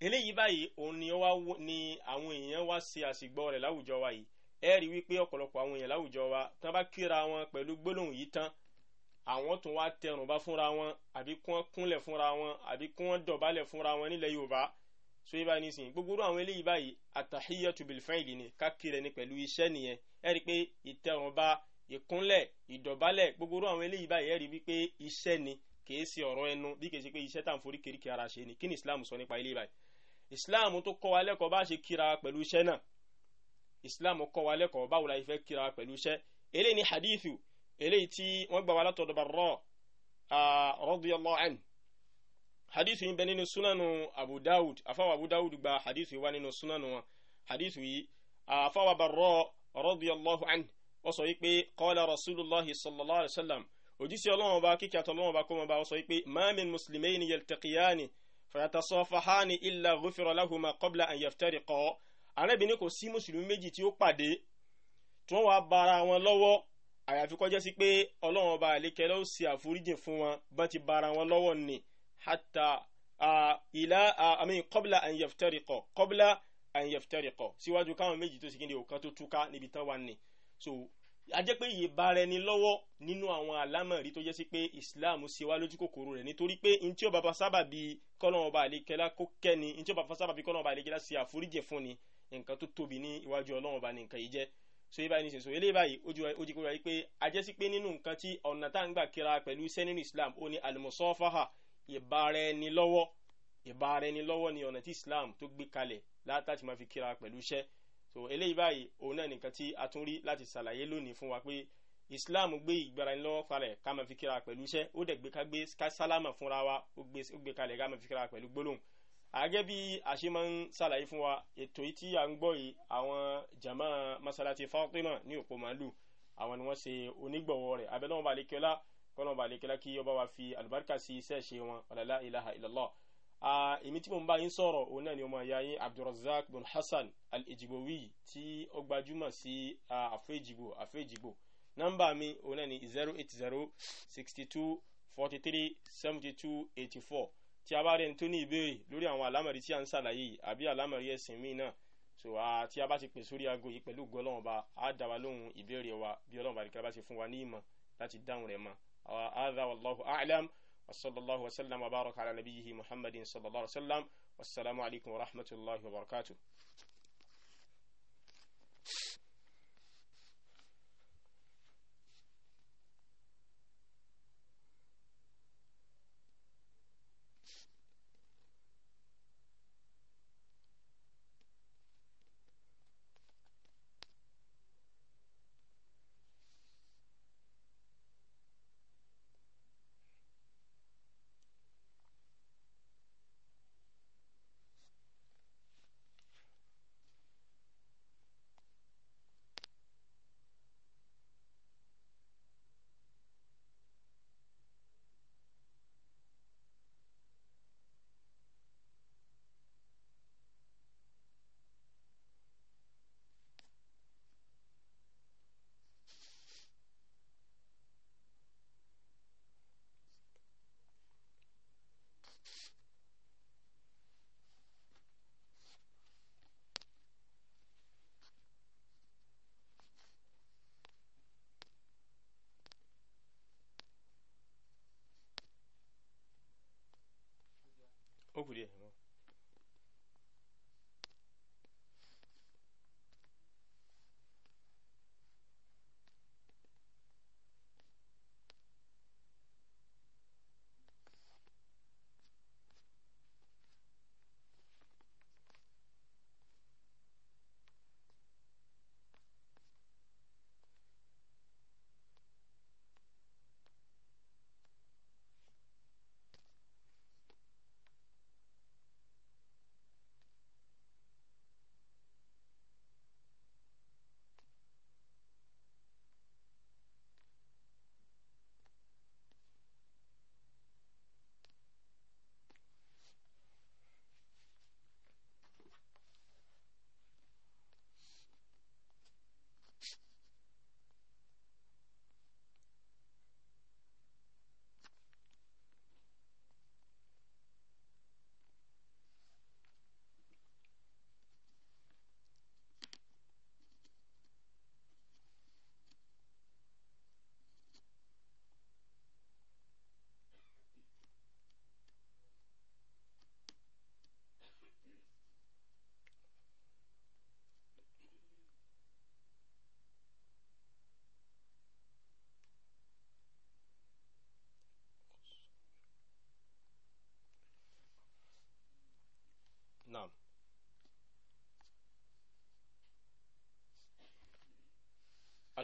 eléyìí báyìí òun ni àwọn èèyàn wá ṣe àṣìgbọ́ rẹ̀ láwùjọ wa yìí ẹ rí wípé ọ̀pọ̀lọpọ̀ àwọn èèyàn láwùjọ wa tán bá kíra wọn pẹ̀lú gbólóhùn yìí tán àwọn tún wá tẹrùn bá fúnra wọn àbí kí wọ́n kúnlẹ̀ fúnra wọn àbí kí dọ̀bálẹ̀ fúnra wọn nílẹ̀ Yorùbá so yìí bá ní sìn gbogbo àwọn eléyìí báyìí àtàhíyàtu bil fa'ili ni kákìrẹ ni pẹ̀lú iṣẹ́ nìyẹn ẹ rí pé ìtẹrùnba ìkúnlẹ̀ ìdọ̀bálẹ̀ gbogbo àwọn eléyìí báyìí ẹ rí wípé iṣẹ́ ni kìí ṣe ọ̀rọ̀ ẹnu bí kìí ṣe pé iṣẹ́ tàn forí kéríkì ara ṣe ni kí ni Islam sọ nípa eléyìí báyìí Islam tó kọ́ wa lẹ́kọ̀ọ́ bá ṣe kíra pẹ̀lú iṣẹ́ náà islam kọ́ wa lẹ́kọ̀ọ́ báwo la ìfẹ́ kíra pẹ̀lú iṣẹ́ eléyìí ni hadithu eléyìí tí wọ́n gbà wá látọ̀dọ̀ Barra radiyallahu anhu hadithu yìí bẹ nínú sunanu abu dawud afáwọ abu dawud gba hadithu yìí wá nínú sunanu wọn hadithu yìí afáwọ Barra radiyallahu anhu wọ́n sọ wípé qala rasulullahi sallallahu alayhi wa sallam òjísé ọlọ́wọ́n bá kíkẹ́ àtọ́lọ́wọ́n bá kọ́ wọn bá wọ́n sọ wípé ma min muslimayni yaltaqiyani fayatasafahani illa ghufira lahuma qabla an yaftariqa arábìnrin kò sí mùsùlùmí méjì tí ó pàdé tí wọ́n wàá bara wọn lọ́wọ́ àyàfi kọjá sí pé ọlọ́run ọba àlékẹ́ ló ṣe àforíjìn fún wọn bá ti bara wọn lọ́wọ́ ni hata ilá àmì kọ́bílà an yaftariqa kọ́bílà an yaftariqa síwájú káwọn méjì tó sì òkan tó túká níbi tán wà ní. so a jẹ́ pé iye bara ẹni lọ́wọ́ nínú àwọn àlámọ̀rí tó jẹ́ sí pé islam ṣe wá lójú kòkòrò rẹ̀ nítorí pé ntí ọba sábà bíi kọ́lọ́run ọba àlékẹ́lá kó kẹ́ni ntí ọba sábà bíi kọ́lọ́run ọba àlékẹ́lá ṣe àforíjìn fún ni nǹkan tó tóbi ní iwájú ọlọ́run ọba ní nǹkan yìí jẹ́ so yìí báyìí nísinsìnyí eléyìí báyìí ojú ojú kúrò yìí pé ajẹ́sí pé nínú nǹkan tí ọ̀nà tá à ń gbà kíra pẹ̀lú iṣẹ́ nínú Islam ó ní alimusofaha ìbáraẹnilọ́wọ́ ìbáraẹnilọ́wọ́ ni ọ̀nà tí Islam tó gbé kalẹ̀ látàtí máa fi kíra pẹ̀lú iṣẹ́ so eléyìí báyìí òun náà nìkan tí a tún rí láti ṣàlàyé lónìí fún wa pé Islam gbé ìgbáraẹnilọ́wọ́ kalẹ̀ ká máa fi kíra pẹ̀lú iṣẹ́ ó dẹ̀ gbé ká sálámà fúnra wa ó gbé kalẹ̀ ká máa fi kíra pẹ̀lú gbólóhùn àgẹ́ bí a ṣe máa ń ṣàlàyé fún wa ètò yìí tí a ń gbọ́ yìí àwọn jama masalati Fatima ní òpó màálù àwọn ni wọ́n ṣe onígbọ̀wọ́ rẹ̀ abẹ́lẹ́ wọn bá lè kíọ́lá kọ́nà wọn bá lè kíọ́lá kí ọba wa fi àlùbáríkà sí iṣẹ́ ṣe wọn ọ̀làlá ilaha illallah èmi tí mo ń bá yín sọ̀rọ̀ òun náà ni ọmọ ìyá yín Abdulrazak bin Hasan al-Ejibowi tí ó gbajúmọ̀ sí àfẹ́jìbò àfẹ́jìbò nọ́mbà mi òun náà ni zero eight zero sixty two forty three seventy two eighty four tí a bá rí ẹni tó ní ìbéèrè lórí àwọn àlámọ̀rí tí a ń ṣàlàyé yìí àbí àlámọ̀rí ẹ̀sìn míì náà so tí a bá ti pè sórí aago yìí pẹ̀lú ògo Ọlọ́run bá a dá wa lóhùn ìbéèrè wa bí Ọlọ́run bá rí kílábà ṣe fún wa ní ìmọ̀ láti dáhùn rẹ̀ mọ́ hadha wallahu a'lam والسلام عليكم ورحمة الله وبركاته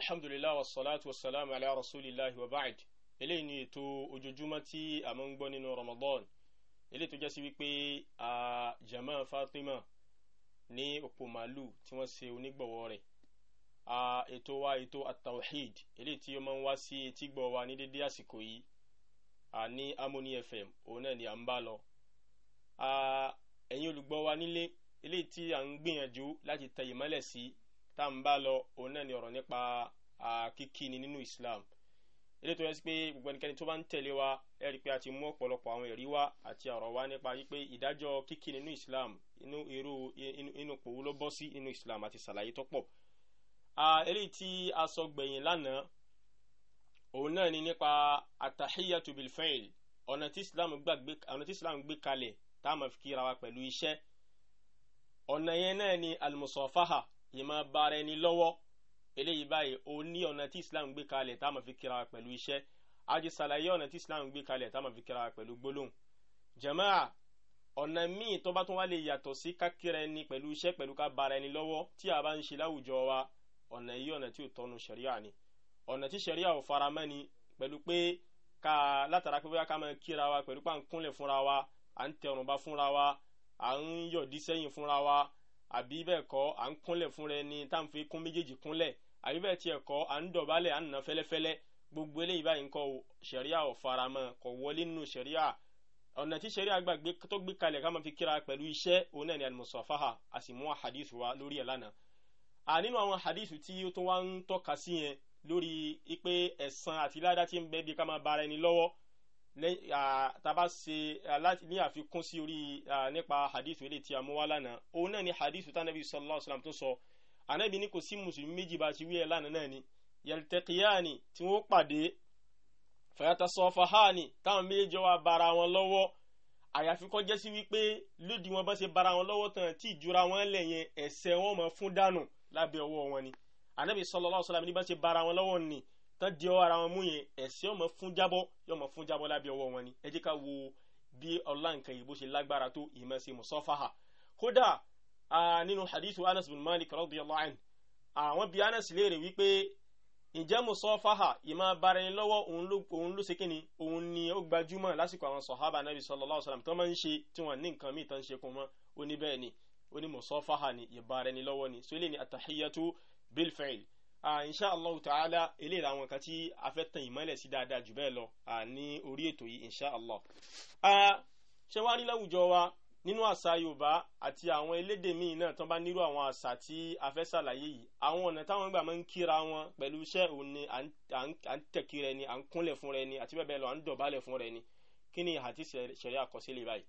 alhamdulillah wa salatu wa salamu ala rasulillahi wa ba'd eléyìí ni ètò ojoojúmọ́ tí a máa ń gbọ́ nínú ramadan eléyìí tó jẹ́ sí wípé a jama fatima ní òpó màálù tí wọ́n ṣe onígbọ̀wọ́ rẹ̀ a ètò wa ètò atawhid eléyìí tí ó máa ń wá sí etí gbọ̀ wa ní dédé àsìkò yìí a ní amoni fm òun náà ni à ń bá lọ a ẹ̀yin olùgbọ́ wa nílé eléyìí tí a ń gbìyànjú láti tẹ ìmọ́lẹ̀ sí tá à ń bá lọ òun náà ni ọ̀rọ̀ nípa kíkíni nínú Islam ilé tó yẹ sí pé gbogbo ẹnikẹ́ni tó bá ń tẹ̀lé wa ẹ rí i pé a ti mú ọ̀pọ̀lọpọ̀ àwọn ẹ̀rí wa àti ọ̀rọ̀ wa nípa wípé ìdájọ́ kíkíni nínú Islam inú irú inú pòwú ló bọ́ sí nínú Islam àti sàlàyé tó pọ̀ eléyìí tí a sọ gbẹ̀yìn lánàá òun náà ni nípa atahiyatu bilfail ọ̀nà tí Islam gbàgbé ọ̀nà tí Islam gbé kalẹ̀ tá a máa fi kíra wa pẹ̀lú iṣẹ́ ọ̀nà yẹn náà ni almusafaha ìmọ̀ bara ẹni lọ́wọ́ eléyìí báyìí ó ní ọ̀nà tí islam gbé kalẹ̀ tá a máa fi kíra pẹ̀lú iṣẹ́ a ti ṣàlàyé ọ̀nà tí islam gbé kalẹ̀ tá a máa fi kíra pẹ̀lú gbólóhùn jàmáà ọ̀nà míì tó bá tún wá lè yàtọ̀ sí kákíra ẹni pẹ̀lú iṣẹ́ pẹ̀lú ká bara ẹni lọ́wọ́ tí a bá ń ṣe láwùjọ wa ọ̀nà yìí ọ̀nà tí ò tọ́nu ṣẹ̀ríà ni ọ̀nà tí ṣẹ̀ríà ò faramọ́ ni pẹ̀lú pé ká látara pé ká máa kíra wa pẹ̀lú pà ń kúnlẹ̀ fúnra wa à ń tẹrùnba fúnra wa à ń yọ̀dí sẹ́yìn fúnra wa àbí bẹ́ẹ̀ kọ́ à ń kúnlẹ̀ fúnra ẹni tá à ń fi kún méjèèjì kúnlẹ̀ àbí bẹ́ẹ̀ tiẹ̀ kọ́ à ń dọ̀bálẹ̀ à ń nà fẹ́lẹ́fẹ́lẹ́ gbogbo eléyìí báyìí nǹkan ṣẹ̀ríà ò faramọ́ kò wọlé nínú ṣẹ̀ríà ọ̀nà tí ṣẹ̀ríà gbàgbé tó gbé kalẹ̀ ká máa fi kíra pẹ̀lú iṣẹ́ òun náà ni al-musafaha a sì wa lórí ẹ̀ lánàá à nínú àwọn hadith tí ó ipe ẹ̀san àti ládá tí ń bẹ bí taba ṣe ní àfikún sí orí nípa hadith eléyìí tí a mú wá lánàá òun náà ni hadith tánàbí sallallahu alaihi wasallam tó sọ ànábì ní kò sí mùsùlùmí méjì bá ṣe wíyẹ lánàá náà ni yaltaqiyani tí wọ́n pàdé fayatasafahani táwọn méjèèjì wá bara wọn lọ́wọ́ àyàfi kó jẹ́ sí wípé lódì wọn bá ṣe bara wọn lọ́wọ́ tán tí ìjura wọn lẹ̀ yẹn ẹ̀ṣẹ̀ wọn mọ̀ fún dànù lábẹ́ ọwọ́ wọn ni ànábì sallallahu alaihi wasallam ní bá ṣe bara wọn lọ́wọ́ ni tán di ọwọ́ ara wọn mú yẹn ẹ̀sìn ọmọ fún jábọ́ yọmọ fún jábọ́ lábẹ́ ọwọ́ wọn ni ẹ jẹ́ ká wo bí ọlá nǹkan yìí bó ṣe lágbára tó ìmọ̀ ṣe musafaha kódà nínú hadithu anas bin malik radiyallahu anhu àwọn bí anas léèrè wípé ǹjẹ́ musafaha ìmọ̀ bara ẹni lọ́wọ́ òun ló ṣe kíni òun ni ó gbajúmọ̀ lásìkò àwọn sọ̀hábà nabi sallallahu alaihi wasallam tó máa ń ṣe tí wọ́n ní nǹkan míì tó ń ṣe ni ó ní musafaha ni ìbara ẹni lọ́wọ́ Ah, insha allah ta'ala eléyìí làwọn kan tí a fẹ́ tan ìmọ́lẹ̀ sí dáadáa jù bẹ́ẹ̀ lọ ní orí ètò yìí insha allah. Ah, ṣé wàá rí láwùjọ wa nínú àṣà yorùbá àti àwọn elédè míì náà tán bá nírú àwọn àṣà tí a fẹ́ ṣàlàyé yìí àwọn ọ̀nà táwọn gbà máa ń kíra wọn pẹ̀lú iṣẹ́ òun ni à ń tẹ̀kí rẹ ni à ń kúnlẹ̀ fún rẹ ni àti bẹ́ẹ̀ bẹ́ẹ̀ lọ à ń dọ̀bálẹ̀ fún rẹ ni kí ni àti ṣẹ̀rẹ̀ àkọsílẹ̀ báyìí.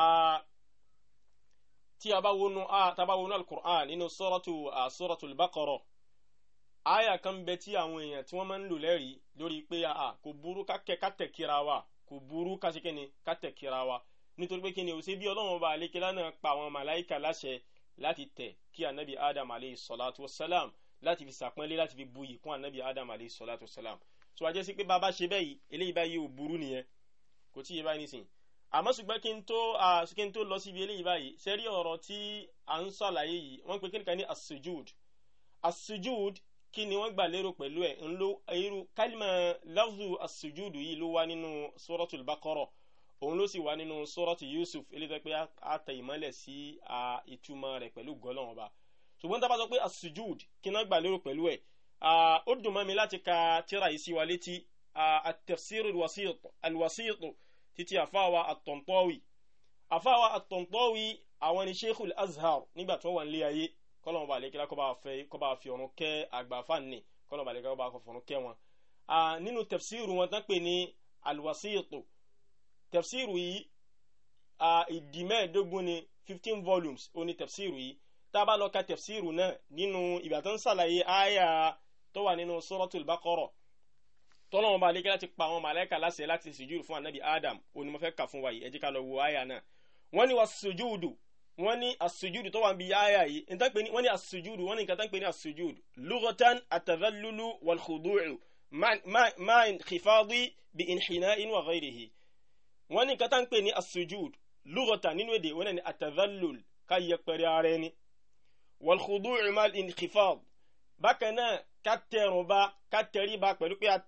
Ah, tí a bá wọnú alukur'an nínú sọ́rọ́tù sọ́rọ́tù al Aya kan bẹ tí àwọn èèyàn tí wọ́n máa ń lò lẹ́rìí lórí pé a kò burú kákẹ́ kátẹ̀ kíra wa kò burú kásìkẹ́ni kátẹ̀ kíra wa nítorí pé kíni ó ṣe bí ọlọ́run ọba àlékelá náà pa àwọn màláìka láṣẹ láti tẹ̀ kí anabi adam aleyhi salatu wasalam láti fi sàpọ́nlé láti fi buyì kún anabi adam aleyhi salatu wasalam so a jẹ́ sí pé bàbá ṣe bẹ́yìí eléyìí báyìí ò burú nìyẹn kò tí ì báyìí nísìn àmọ́ ṣùgbọ́n kí n tó kí n tó lọ síbi eléyìí báyìí ṣe ọ̀rọ̀ tí à ń ṣàlàyé yìí wọ́n pe kíni kan ní asujud asujud kí ni wọ́n gbà lérò pẹ̀lú ẹ̀ ńlọ irú kálímà lafzu as-sujudu yìí ló wá nínú suratul Baqara òun ló sì wá nínú suratu Yusuf eléyìí tó pé a tẹ ìmọ́lẹ̀ sí ìtumọ̀ rẹ̀ pẹ̀lú gọ́lọ́wọ́n ba ṣùgbọ́n tá a bá sọ pé as-sujud kí náà gbà lérò pẹ̀lú ẹ̀ ó dùn mọ́ mi láti ka tíra yìí sí wa létí at-tafsir títí àfáwa at àfáwa at àwọn ni Sheikhul Azhar nígbà tó wà nílé ayé kọ́lọ́mọba àlékílá kọ́ba fi ọ̀run kẹ́ àgbàfà ni kọ́lọ́mọba àlékílá kọ́ba fọ̀run kẹ́ wọn. nínú tafsiru wọn tán pè ní alwasiitu tafsiru yìí ìdí mẹ́ẹ̀ẹ́dógún ni fifteen volumes ó ní tafsiru yìí tá a bá lọ ka tafsiru náà nínú ìgbà tó ń sàlàyé àyà tó wà nínú suratul baqara tọ́lọ́mọba àlékílá ti pa àwọn màláíkà láṣẹ láti sùjúdù fún anabi adam ó ní mo fẹ́ kà fún wa yìí ẹ ká lọ wo àyà náà wọ́n ní wa sùjúdù wọ́n ní asujudu tó wà níbi yáyà yìí nǹkan pè ní wọ́n ní asujudu wọ́n ní nǹkan tán pè ní asujudu lughatan atadhalulu walkhudu'u ma inkifadi bi inhina'in wa ghayrihi wọ́n ní nǹkan tán pè ní asujud lughatan nínú èdè wọ́n ní atadhalul ká yẹpẹrẹ ara ẹni walkhudu'u ma inkifad bákan náà ká tẹrùnba ká tẹríba pẹ̀lú pé a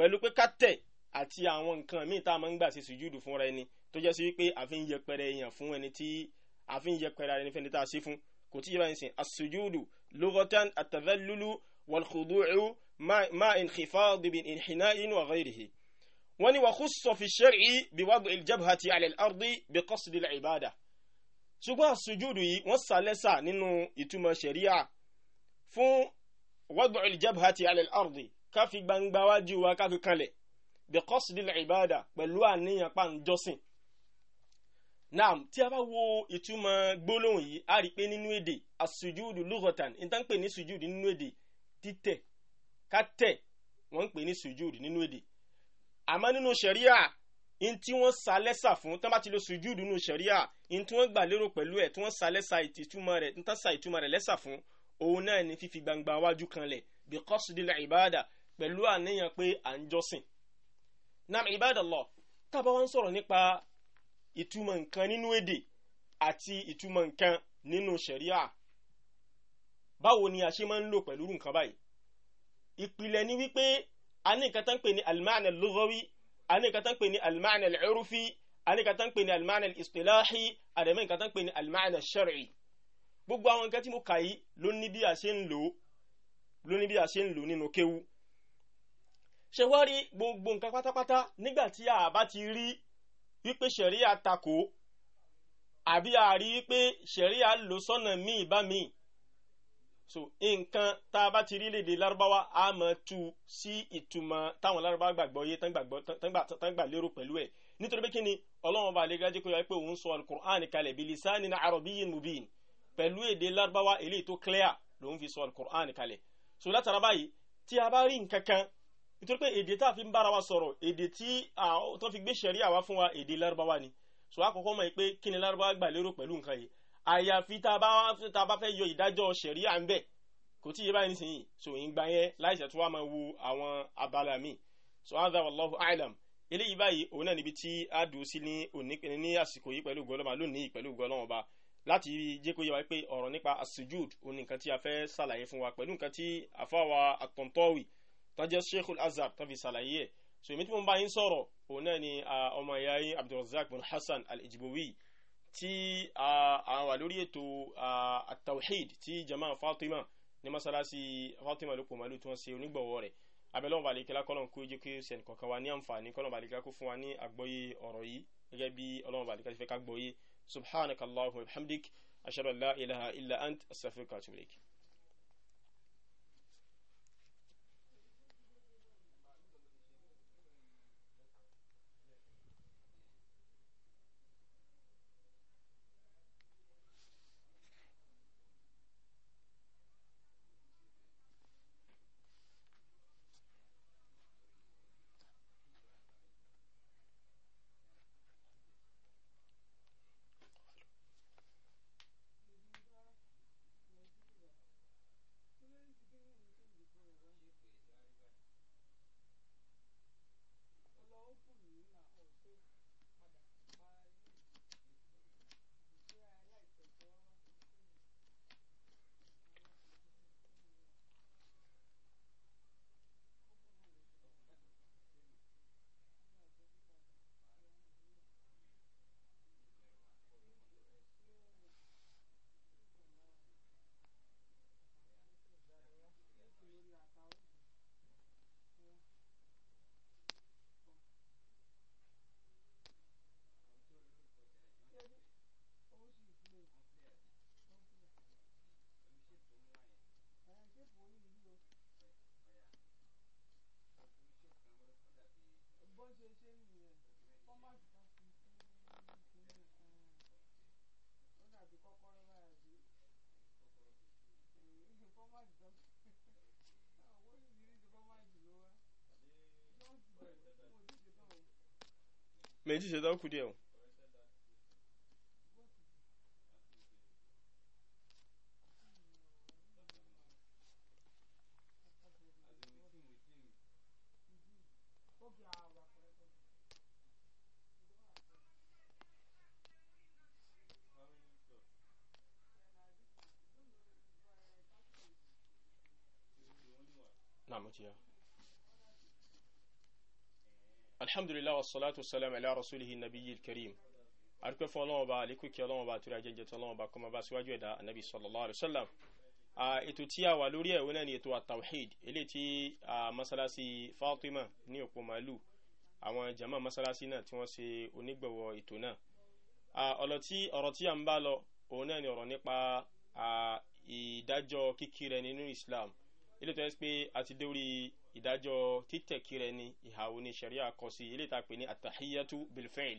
pẹ̀lú pé ká àti àwọn nǹkan míì tá a máa ń gbà ṣe sùjúdù fúnra ẹni tó jẹ́ sí wípé àfi ń yẹpẹrẹ èèyàn fún ẹni tí àfi ń yẹpẹrẹ ẹni fẹ́ni tá a ṣe fún kò tí ì bá ń sìn as-sujudu lughatan at-tadhallulu wal-khudu'u ma'a inkhifadi bi inhina'in wa ghayrihi wọ́n ní wa khussa fi ash-shar'i bi wad'i al-jabhati 'ala al bi qasdil ibada pẹ̀lú àníyàn pàǹjọ́sìn naam tí a bá wo ìtumọ̀ gbólóhùn yìí a rí i pé nínú èdè asùjúdù lughatan n tán pè ní sùjúdù nínú èdè títẹ̀ ká tẹ̀ wọ́n ń pè ní sùjúdù nínú èdè àmọ́ nínú ṣẹ̀ríà n tí wọ́n sa lẹ́sà fún tán bá ti lo sùjúdù nínú ṣẹ̀ríà n tí wọ́n gbà lérò pẹ̀lú ẹ̀ tí wọ́n sa lẹ́sà ìtumọ̀ rẹ̀ n tán sa ìtumọ̀ rẹ̀ lẹ́sà fún òun náà ni fífi gbangba wájú kanlẹ̀ bí qasdil ibada pẹ̀lú àníyàn pé à ń jọ́sìn nam ibadallah tábà wá ń sọ̀rọ̀ nípa ìtumọ̀ nǹkan nínú èdè àti ìtumọ̀ nǹkan nínú ṣẹ̀ríà báwo ni a ṣe máa ń lò pẹ̀lú nǹkan báyìí ìpìlẹ̀ ni wípé a ní nǹkan tán pè ní almaana lughawi a ní nǹkan tán pè ní almaana al-urfi a ní nǹkan tán pè ní almaana al-istilahi nǹkan tán pè ní almaana al gbogbo àwọn nǹkan tí mo kà yìí ló ní bí a ṣe ń lò nínú kéwu ṣe wá rí gbogbo nǹkan pátápátá nígbà tí a bá ti rí wípé ṣẹ̀ríà takò àbí a rí wípé ṣẹ̀ríà lò sọ́nà míì bá míì so nǹkan tá a bá ti rí léde lárúbáwá a máa tú sí ìtumọ̀ táwọn lárúbáwá gbàgbọ́ yé tán gbà lérò pẹ̀lú ẹ̀ nítorí pé kí ni ọlọ́run bá lè gájú kó yọ pé òun sọ alukur'an kalẹ̀ bí lisanin arabiyyin mubin pẹ̀lú èdè lárúbáwá eléyìí tó clear lòun fi sọ alukur'an kalẹ̀ so látara báyìí tí a bá rí nǹkan kan nítorí pé èdè tá a fi ń bára wa sọ̀rọ̀ èdè tí tó fi gbé ṣẹ̀ríà wá fún wa èdè lárúbáwá ni so àkọ́kọ́ mọ̀ pé kí ni lárúbáwá gbà lérò pẹ̀lú nǹkan yìí àyàfi tá a bá fẹ́ yọ ìdájọ́ ṣẹ̀ríà ń bẹ̀ kò tí yé báyìí nísìnyí so ìgbà yẹn láìsẹ̀ tó wá máa wo àwọn abala míì so hadha wallahu a'lam eléyìí báyìí òun náà níbi tí a dùn sí ní òní ní àsìkò yìí pẹ̀lú gọlọ́mà lónìí pẹ̀lú gọlọ́mà ọba láti jẹ́ kó yé wa pé ọ̀rọ̀ nípa asujud òun nìkan tí a fẹ́ ṣàlàyé fún wa pẹ̀lú nǹkan tí àfọwà àtọ̀ntọ́wì tọ́jẹ́ sheikhul azhar tó fi ṣàlàyé ẹ̀ so èmi tí mo bá yín sọ̀rọ̀ òun náà ni ọmọ ìyá yín abdulrazak bin hasan al-ijbowi tí àwọn wà lórí ètò at-tawhid tí jama fatima ní masalasi fatima lóko màlúù tí wọ́n ṣe onígbọ̀wọ́ rẹ̀ abẹ́lẹ́wọ̀n balẹ̀kẹ́lá kọ́lọ̀ kó jẹ́ kí sẹ́ni kọ̀ọ̀kan wa ní àǹfààní kọ́lọ̀ balẹ̀kẹ́lá kó fún wa ní àgbọ́yé ọ̀rọ̀ yìí gẹ́gẹ́ bí ọlọ́run balẹ̀kẹ́lá ti fẹ́ ká gbọ́yé subhanakallahumma wa bihamdik ashhadu an ilaha illa ant astaghfiruka wa 那么讲？alhamdulilah wasalaatu wasalaam ala rasulihi nabiyil karim adúpẹ́ fún ọlọ́wọ́n ba àlékún kí ọlọ́wọ́n ba àtúrà jẹjẹ tó ọlọ́wọ́n ba kọ́mọ bá síwájú ẹ̀dá anabi sallallahu alayhi wa sallam ètò tí a wà lórí ẹ̀ wọ́n náà ni ètò àtàwíhìd eléyìí tí masalasi fatima ní òpó màálù àwọn jama masalasi náà tí wọ́n ṣe onígbọ̀wọ́ ètò náà ọ̀rọ̀ tí a ń bá lọ òun náà ni ọ̀rọ̀ nípa ìdájọ́ kíkí rẹ̀ nínú islam eléyìí tó yẹ pé a ti dé orí ìdájọ́ títẹ̀kírẹ ni ìhàwó ni sharia kọ sí ilé ìta pè ní àtàhíyàtú bilfẹ́ẹ̀l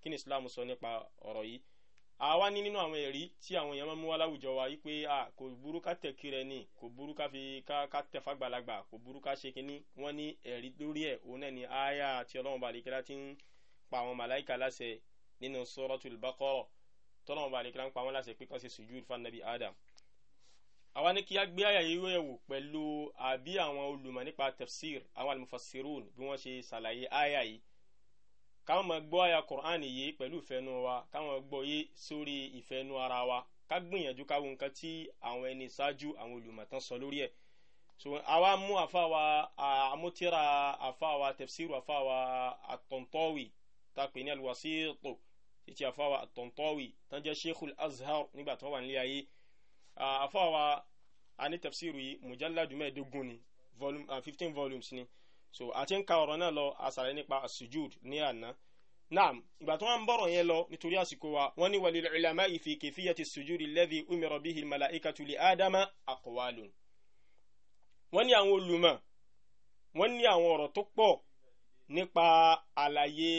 kí ni islam sọ nípa ọ̀rọ̀ yìí àwa ní nínú àwọn ẹ̀rí tí àwọn èèyàn máa mú wá láwùjọ wa wípé a kò burú ká tẹ̀kírẹ ni kò burú ká fi ká ká tẹ̀fà gbalagbà kò burú ká ṣe kínní wọ́n ní ẹ̀rí lórí ẹ̀ òun náà ni aya tí ọlọ́run balẹ̀kẹ́lá ti ń pa àwọn màláìka láṣẹ nínú suratul baqara tọ́lọ́run balẹ̀kẹ́lá ń pa wọ́n láṣẹ pé kán ṣe sùjúd fún adam àwa ní kí a gbé àyà yìí yẹ̀wò pẹ̀lú àbí àwọn olùmọ̀ nípa tafsir àwọn al-mufassirun bí wọ́n ṣe ṣàlàyé àyà yìí káwọn máa gbọ́ àyà Qur'an yìí pẹ̀lú ìfẹ́nu wa káwọn gbọ́ yé sórí ìfẹ́nu ara wa ká gbìyànjú káwọn nǹkan tí àwọn ẹni ṣáájú àwọn olùmọ̀ tán sọ lórí ẹ̀ so àwa mú àfàwà àmútírà àfàwà tafsiru àfàwà at-Tantawi tá a pè ní al-Wasit títí àfàwà at tán jẹ́ Sheikhul Azhar nígbà tó wà nílé ayé àfọwà a ní tafsiru yìí mujalladu mẹ́ẹ̀ẹ́dógún ni volume fifteen volumes ni so àti ń ka ọ̀rọ̀ náà lọ àṣàlẹ̀ nípa sujud ní àná naam ìgbà tí wọ́n ń bọ̀rọ̀ yẹn lọ nítorí àsìkò wa wọ́n ní walil ulama'i fi kayfiyati sujudi alladhi umira bihi al-mala'ikatu adama aqwalun wọ́n ní àwọn olùmọ̀ wọ́n ní àwọn ọ̀rọ̀ tó pọ̀ nípa àlàyé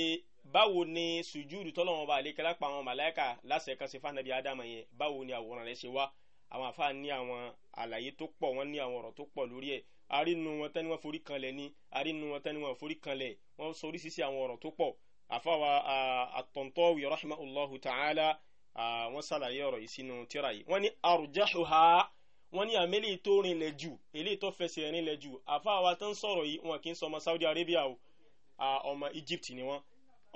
báwo ni sùjúdù tọ́lọ́wọ́n bá àlékẹ́lá pa àwọn màláìka lásẹ̀kan sí fún Adama ádámà yẹn báwo ni àwòrán rẹ̀ ṣe wá àwọn àfáà ní àwọn àlàyé tó pọ̀ wọ́n ní àwọn ọ̀rọ̀ tó pọ̀ lórí ẹ̀ arínú wọn tẹ́ni wọ́n forí kanlẹ̀ ní arínú wọn tẹ́ni wọ́n forí kanlẹ̀ wọ́n sọ oríṣiríṣi àwọn ọ̀rọ̀ tó pọ̀ àfáwa àtọ̀ntọ́wì rahimahullahu ta'ala wọ́n ṣàlàyé ọ̀rọ̀ yìí sínú tírà yìí wọ́n ní arjahuha wọ́n ní àmì eléyìí tó rinlẹ̀ jù eléyìí tó fẹsẹ̀ rinlẹ̀ jù àfáwa tó ń sọ̀rọ̀ yìí wọn kì í sọmọ Saudi Arabia o ọmọ Egypt ni wọ́n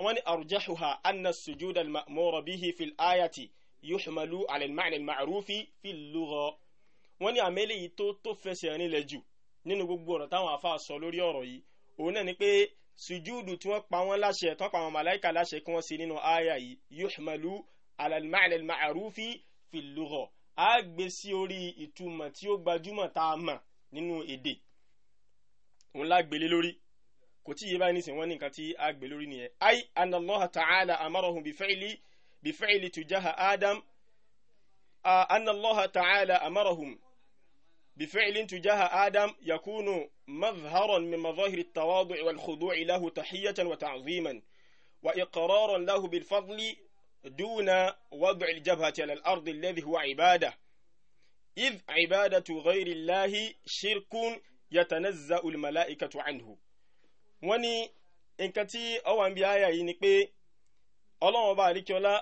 wọ́n ní arjahuha anna sujud al-ma'mura bihi fil ayati yuhmalu ala al-ma'na al-ma'rufi fi al-lugha wọ́n ní àmì eléyìí tó tó fẹsẹ̀ rinlẹ̀ jù nínú gbogbo ọ̀rọ̀ táwọn afa sọ lórí ọ̀rọ̀ yìí òun náà ni pé sùjúùdù tí wọ́n pa wọ́n láṣẹ tán pa àwọn màláìka láṣẹ kí wọ́n ṣe nínú àyà yìí yuhmalu ala al-ma'na al-ma'rufi fi al-lugha á gbé sí orí ìtumọ̀ tí ó gbajúmọ̀ tá a mọ̀ nínú èdè òun lágbélé lórí kò tí yé báyìí nísìnyí wọ́n ní nǹkan tí á gbé lórí nìyẹn ay anna Allah ta'ala amarahum bi بفعل تجاه آدم أن الله تعالى أمرهم بفعل تجاه آدم يكون مظهرا من مظاهر التواضع والخضوع له تحية وتعظيما وإقرارا له بالفضل دون وضع الجبهة على الأرض الذي هو عبادة إذ عبادة غير الله شرك يتنزأ الملائكة عنه wọ́n ní nǹkan tí ó wà ń bí ni pé ọlọ́run ọba àríkíọlá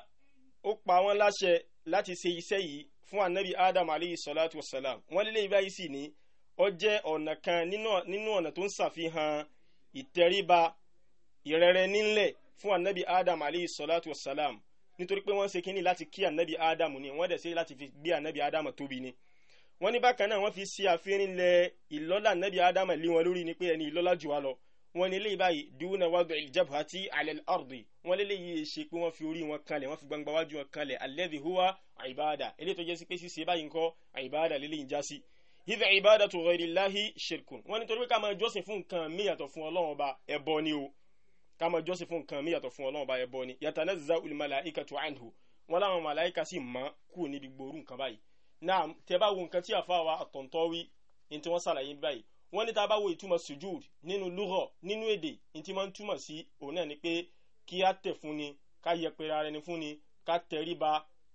ó pa wọ́n láṣẹ láti ṣe iṣẹ́ yìí fún anabi adam aleyhi salatu wasalam wọ́n lélẹ̀ báyìí sì ni ó jẹ́ ọ̀nà kan nínú ọ̀nà tó ń ṣàfihàn ìtẹríba ìrẹ̀rẹ̀ nílẹ̀ fún anabi adam aleyhi salatu wasalam nítorí pé wọ́n ṣe kínní láti kí anabi adam ni wọ́n dẹ̀ ṣe láti fi gbé anabi adam tóbi ni wọ́n ní bákan náà wọ́n fi ṣe àfihàn ilẹ̀ ìlọ́lá anabi adam lé wọn lórí ni pé ẹni ìlọ́lá jù wá lọ wọ́n ní eléyìí báyìí dúnà wàdùn ìjàbàtì alẹ́ ọ̀rọ̀dì wọ́n lé léyìí ṣe pé wọ́n fi orí wọn kanlẹ̀ wọ́n fi gbangba wájú wọn kanlẹ̀ alẹ́dì huwa àìbáadà eléyìí tó jẹ́ sí pé ṣíṣe báyìí ńkọ́ àìbáadà lélẹ́yìn já sí. ìfẹ́ àìbáadà tó rẹ̀ láhi ṣirkun wọ́n ní torí pé ká máa jọ́sìn fún nǹkan mí yàtọ̀ fún Ọlọ́run ọba ẹbọ ni o ká máa jọ́sìn fún nǹkan mí yàtọ̀ fún Ọlọ́run ọba ẹbọ ni yatanazza ul malaikatu anhu wọ́n láwọn màláìka sì mọ́ kúrò níbi gbòòrú nǹkan báyìí náà tẹ́ bá wo nǹkan tí àfa wa àtọ̀ntọ́ wí ní tí wọ́n ṣàlàyé báyìí wọ́n ní tá a bá wo ìtumọ̀ sujud nínú lúrọ̀ nínú èdè ní tí wọ́n ń túmọ̀ sí òun náà ni pé kí a tẹ̀ fún ni ká yẹpẹrẹ ara ẹni fún ni ká tẹríba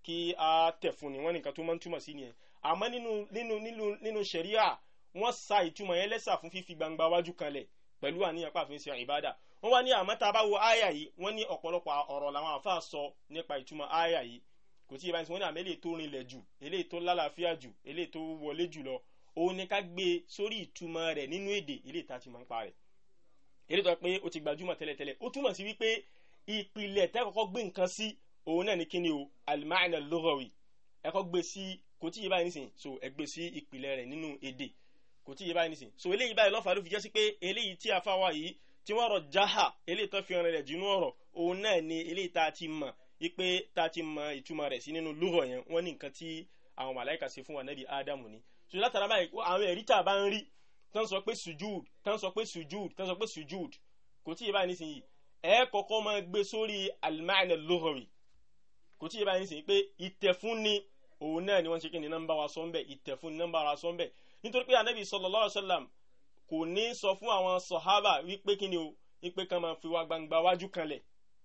kí a tẹ̀ fún ni wọ́n ní nǹkan tó máa ń túmọ̀ sí nìyẹn àmọ́ nínú nínú nínú nínú ṣẹ̀ríà wọ́n sa ìtumọ̀ yẹn lẹ́sà fún fífi gbangba wájú kanlẹ̀ pẹ̀lú àníyàn pàfin ṣe ìbádà wọ́n wá ní àmọ́ tá a bá wo áyà yìí wọ́n ní ọ̀pọ̀lọpọ̀ ọ̀rọ̀ làwọn àfa sọ nípa ìtumọ̀ áyà yìí kò tí ì báyìí wọ́n ní àmọ́ eléyìí tó rinlẹ̀ jù eléyìí tó lálàáfíà jù eléyìí tó wọlé jù lọ òun ni ká gbé sórí ìtumọ̀ rẹ̀ nínú èdè ilé ìta ti máa ń pa rẹ̀ eré tó pé ó ti gbajúmọ̀ tẹ́lẹ̀tẹ́lẹ̀ ó túmọ̀ sí wípé ìpìlẹ̀ tẹ́ kọ́kọ́ gbé nǹkan sí òun náà ni kí ni o al-ma'na ẹ kọ́ gbé sí kò tí yé báyìí nísìn so ẹ gbé sí ìpìlẹ̀ rẹ̀ nínú èdè kò tí yé báyìí nísìn so eléyìí báyìí lọ́fà ló fi jẹ́ sí pé eléyìí tí a fa wa yìí tí wọ́n rọ jaha eléyìí tó fi hàn rẹ̀ ni eléyìí tá a ti mọ̀ wípé tá a ti mọ̀ ìtumọ̀ rẹ̀ sí nínú so látara báyìí àwọn ẹ̀rí tá a bá ń rí tán sọ pé sujud tán sọ pé sujud tán sọ pé sujud kò tí ì báyìí nísìnyí ẹ kọ́kọ́ máa gbé sórí alimáàlẹ lóhùrì kò tí ì báyìí nísìnyí pé ìtẹ̀fúnni òun náà ni wọ́n ṣe kí ni nọ́mbà wa sọ ń bẹ̀ ìtẹ̀fúnni nọ́mbà wa sọ ń bẹ̀ nítorí pé anabi sallallahu alaihi wasallam kò ní sọ fún àwọn sọ̀hábà wípé kí ni o wípé kan máa fi wa gbangba wájú kanlẹ̀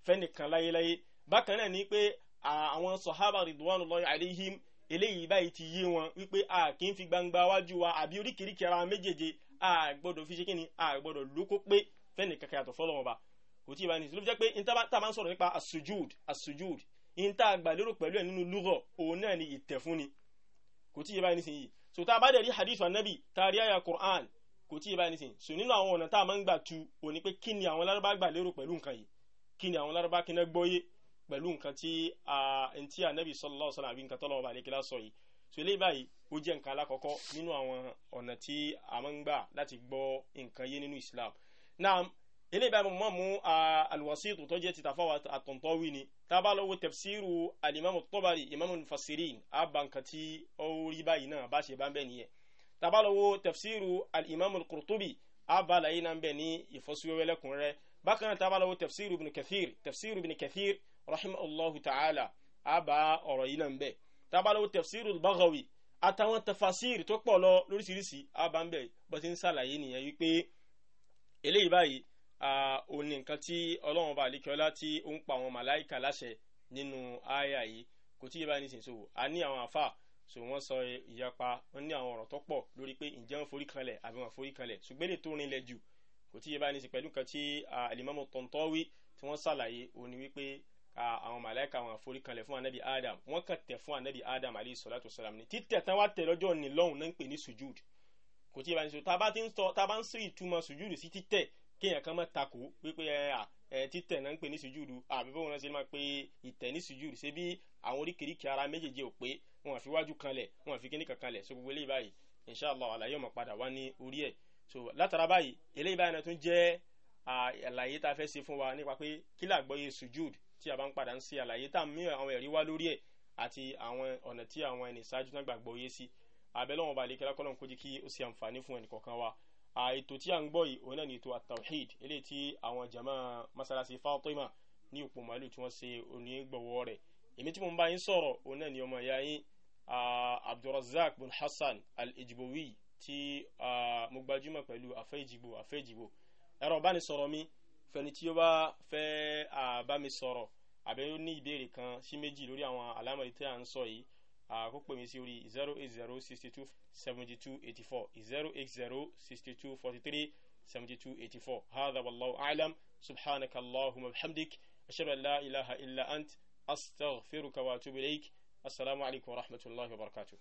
fẹ́nìkan láyéláyé bákan náà ni pé àwọn sọ̀hábà ridwanullahi alaihim eléyìí báyìí ti yé wọn wípé a kì í fi gbangba wájú wa àbí oríkèéríkèé ara méjèèje a gbọ́dọ̀ fi ṣe kíni a gbọ́dọ̀ lóko pé fẹ́ni kankan yàtọ̀ fọlọ́wọn ba kò tí ì bá ní ìsìn fi jẹ́ pé ní tá máa ń sọ̀rọ̀ nípa asujud asujud ní tá a gbà lérò pẹ̀lú ẹ̀ nínú lúgọ̀ òun náà ni ìtẹ̀fúnni kò tí ì bá ní ìsìn yìí so tá a bá dẹ̀ hadith anabi tá a rí Qur'an kò tí ì bá ní ìsìn so nínú àwọn ọ̀nà tá a máa ń gbà tu òní pé kí ni àwọn lárúbá gbà lérò pẹ̀lú nǹkan yìí kí ni àwọn lárúbá kí náà gbọ́yé pẹ̀lú nǹkan tí ntí anabi sallallahu alaihi wasallam àbí nǹkan tọ́lọ́wọ́ bá lè kíláà sọ yìí so eléyìí báyìí ó jẹ́ nǹkan alákọ̀ọ́kọ́ nínú àwọn ọ̀nà tí a máa ń gbà láti gbọ́ nǹkan yé nínú Islam náà eléyìí báyìí mo mú alwasitu tó jẹ́ ti tàfáwà àtọ̀ntọ́wì ni tá a bá lọ́wọ́ tafsiru alimami tọ́bari imamu nufasirin á ba nǹkan tí ó rí báyìí náà bá ṣe bá ń bẹ̀ nìyẹn tá a bá lọ́wọ́ tafsiru alimami qurtubi á ba láyé náà ń bẹ̀ ní ìfọ́síwẹ́wẹ́lẹ́kùnrẹ́ bákan náà tá a bá lọ́wọ́ tafsiru ibn kathir tafsiru ibn kathir rahimahullahu ta'ala a bá ọ̀rọ̀ yìí náà ń bẹ̀ tábàlówó tafsirul Baghawi àtàwọn tafasir tó pọ̀ lọ lóríṣiríṣi a bá ń bẹ̀ bó ti ń ṣàlàyé nìyẹn wípé eléyìí báyìí òun ni nǹkan tí ọlọ́run bá àlékiọ́lá tí ó ń pa àwọn màláìka láṣẹ nínú àyà yìí kò tí ì bá ní sìn so a ní àwọn àfáà so wọ́n sọ ìyapa wọ́n ní àwọn ọ̀rọ̀ tó pọ̀ lórí pé ǹjẹ́ wọ́n forí kanlẹ̀ àbí wọ́n forí kanlẹ̀ ṣùgbọ́n èlé tó rinlẹ̀ jù kò tí ì bá pẹ̀lú kan tí alimami Tantawi tí wọ́n ṣàlàyé òun wípé a àwọn màláìka wọn àforí kanlẹ̀ fún anabi adam wọn kàn tẹ̀ fún anabi adam alayhi salatu wasalam ni títẹ̀ tán wá tẹ̀ lọ́jọ́ ní lọ́hùn náà ń pè ní sujud kò tí ì bá ní sọ tá a bá ń sọ ìtumọ̀ sujud sí títẹ̀ kéèyàn kan máa takò wípé ẹ títẹ̀ náà ń pè ní sujúdu àbí bóun náà ṣe máa pe ìtẹ̀ ní sujúdu ṣé bí àwọn oríkèéríkèé ara méjèèjì ò pé wọn àfi wájú kanlẹ̀ wọn àfi kíní kankanlẹ̀ so gbogbo eléyìí báyìí inshallah àlàyé ọmọ padà wá ní orí ẹ̀ so látara báyìí eléyìí báyìí náà tún jẹ́ àlàyé tá a fẹ́ ṣe fún wa nípa tí a bá ń padà ń ṣe àlàyé tá à ń mú àwọn ẹ̀rí wá lórí ẹ̀ àti àwọn ọ̀nà tí àwọn ẹni ìṣáájú náà gbàgbọ́ yé sí abẹ́lọ́wọ̀n balẹ̀ kí lákọ́lọ́n kó jí kí ó ṣe àǹfààní fún ẹnì kọ̀ọ̀kan wa ètò tí a ń gbọ́ yìí òun náà ni ètò at-tawhid eléyìí tí àwọn jama masalasi Fatima ní òpó màálù tí wọ́n ṣe onígbọ̀wọ́ rẹ̀ èmi tí mo ń bá yín sọ̀rọ̀ òun náà ni ọmọ ìyá yín Abdulrazak bin Hassan al-Ijbowi tí mo gbajúmọ̀ pẹ̀lú afẹ́ ìjìbò afẹ́ ìjìbò ẹ̀rọ ìbánisọ̀rọ̀ mi fẹ́ni tí ó bá fẹ́ bá mi sọ̀rọ̀ abẹ́ ó ní ìbéèrè kan sí méjì lórí àwọn àlámọ̀rí tí à ń sọ yìí àkó pè mí sí orí zero eight zero sixty two seventy two eighty four zero eight zero sixty two forty three seventy two eighty four hadha wallahu a'lam subhanaka allahumma bihamdik ashabu an la ilaha illa ant astaghfiruka wa atubu ilayk assalamu alaykum wa rahmatullahi wa barakatuh.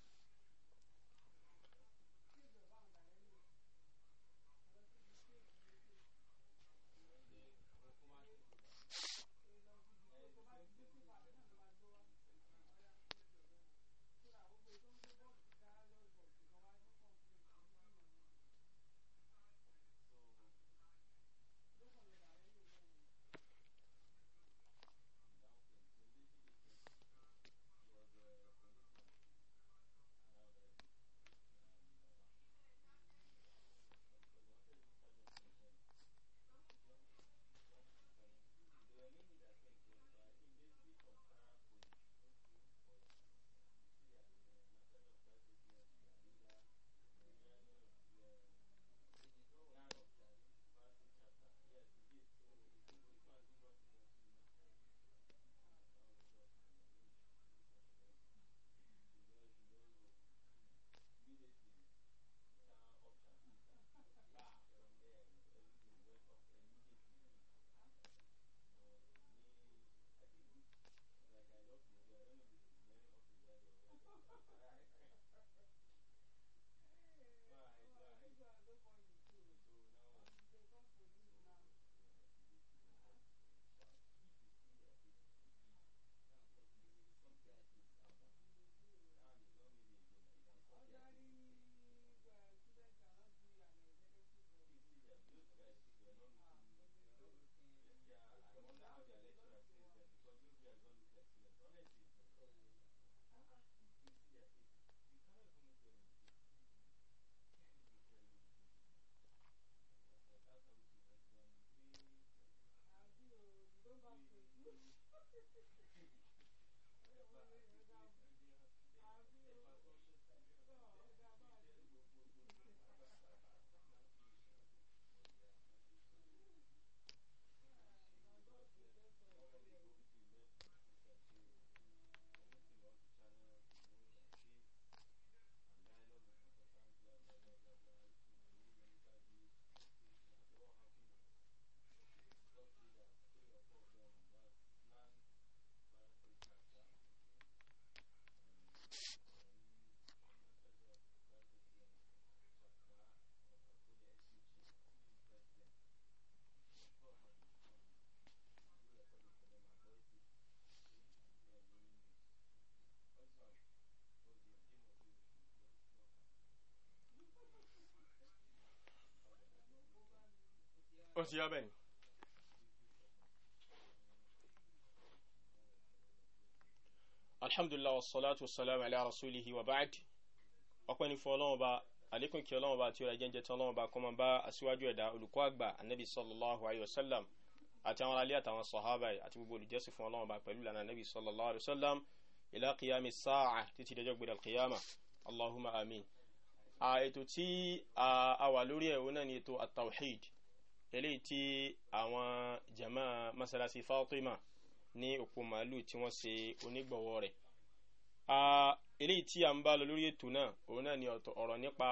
considera bene. alhamdulillah wassalatu wassalamu ala rasulihi wa ba'd ọpẹ́ ni fún Ọlọ́run ba àlékún kí Ọlọ́run ba tí ó ra jẹjẹ tán Ọlọ́run ba kọmọ bá aṣíwájú ẹ̀dá olùkọ́ àgbà anabi sallallahu alayhi wa sallam àti àwọn alẹ àtàwọn sahaba àti gbogbo olùjẹsí fún Ọlọ́run ba pẹ̀lú lànà anabi sallallahu alayhi wa sallam ila qiyami sa'a títí dẹjọ gbẹdẹ qiyama allahumma amin. a ètò tí a wà lórí ẹ̀ wọ́n náà ni eléyìí tí àwọn jama masalasi Fatima ní òpó màálù tí wọ́n ṣe onígbọ̀wọ́ rẹ̀ eléyìí tí a ń bá lọ lórí ètò náà òun náà ni ọ̀rọ̀ nípa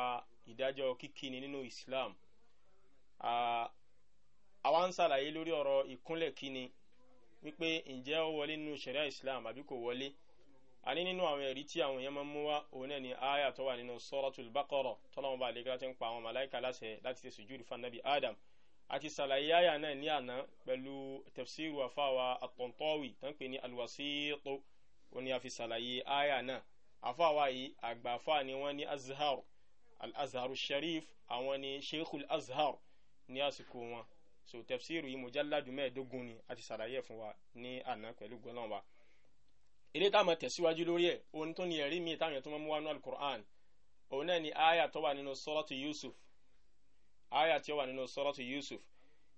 ìdájọ́ kíkíni nínú Islam àwa ń ṣàlàyé lórí ọ̀rọ̀ ìkúnlẹ̀ kíni wípé ǹjẹ́ ó wọlé nínú sharia Islam àbí kò wọlé àní nínú àwọn ẹ̀rí tí àwọn èèyàn máa ń mú wá òun náà ni aya tó wà nínú Suratul Baqara tọ́lọ́mọba àlẹ́gá ti ń pa àwọn màláìka láṣẹ láti ṣe sùjúdù fún Nabi Adam a ti ṣàlàyé àyà náà ní àná pẹ̀lú tafsiru àfáwa àtọ̀ntọ́wì tán pè ní alwasito òní a fi ṣàlàyé àyà náà àfáwa yìí àgbàfà ni wọ́n ní azhar al-azhar sharif àwọn ni sheikhul azhar ní àsìkò wọn so tafsiru yìí mujalladu mẹ́ẹ̀ẹ́dógún ni a ti fún wa ní àná pẹ̀lú gbọ́nà wa ilé táwọn tẹ̀síwájú lórí ẹ̀ òun tó ní ẹ̀rí mi táwọn yẹn tó mọ́ mú wánú al-Qur'an òun náà ni àyà tó wà nínú suratu Yusuf aya tí ó wà nínú suratu Yusuf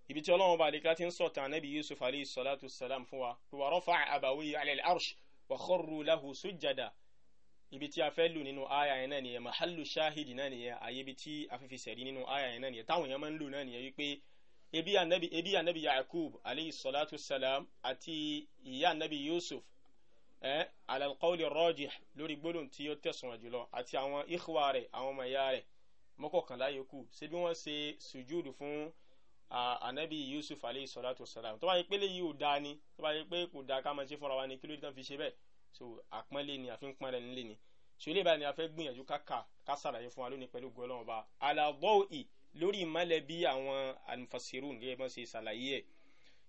ibi tí ọlọ́run bá dikla ti ń sọ̀tà nabi Yusuf alayhi salatu salam fún wa wa rafa'a abawihi ala al-arsh wa kharru lahu sujjada ibi tí a fẹ́ lò nínú aya yẹn náà nìyẹn mahallu shahidi náà nìyẹn àyè ibi tí a fi fi sẹ̀rí nínú aya yẹn náà nìyẹn táwọn yẹn máa ń lò náà wípé ebi anabi yaakub alayhi salatu salam àti ìyá anabi yusuf alalqawli rajih lórí gbólóhùn tí ó tẹ̀sùn jùlọ àti àwọn ikhwa àwọn ọmọ ìyá rẹ̀ mọ́kọ̀kànlá yòókù ṣé bí wọ́n ṣe sùjúdù fún anabi yusuf aleyhi salatu wasalam tó bá yẹ pé léyìí ò dáa ni tó bá yẹ pé kò dáa ká máa ṣe fúnra wa ni kí ló dé tán fi ṣe bẹ́ẹ̀ so àpọ́nlé ni àfi ń pọ́n rẹ̀ nílé ni so ilé ìbáraẹni afẹ́ gbìyànjú káka ká ṣàlàyé fún wa lónìí pẹ̀lú gọlọ́n ọba alábọ́ọ̀ì lórí ìmọ̀lẹ̀ bí àwọn anfasirun gẹ́gẹ́ bọ́n ṣe ṣàlàyé ẹ̀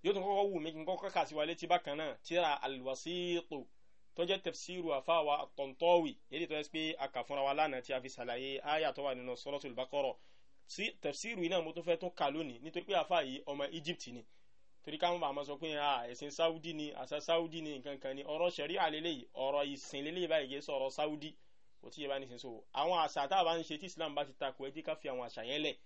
yóò tún kọ́kọ́ wù mí kí n kọ́kọ́ kà sí wa létí bákan náà tíra alwasiitu tó jẹ́ tafsiru àfáwà àtọ̀ntọ́wì èyí tó yẹ pé a kà fúnra wa lánàá tí a fi ṣàlàyé àyà tó wà nínú suratul Baqara tí tafsiru iná mo tún fẹ́ tún kà lónìí nítorí pé àfáà yìí ọmọ Egypt ni torí káwọn bá máa sọ pé ah, ẹ̀sìn Saudi ni àṣà Saudi ni nǹkan kan ni ọ̀rọ̀ ṣẹ̀rí àlélẹ́yìí ọ̀rọ̀ ìsìn lélẹ́yìí báyìí kì í sọ̀rọ̀ Saudi kò tí ì bá ní sin so àwọn àṣà tá a bá ń ṣe tí Islam ti takò ẹ jẹ́ ká fi àwọn àṣà yẹn lẹ̀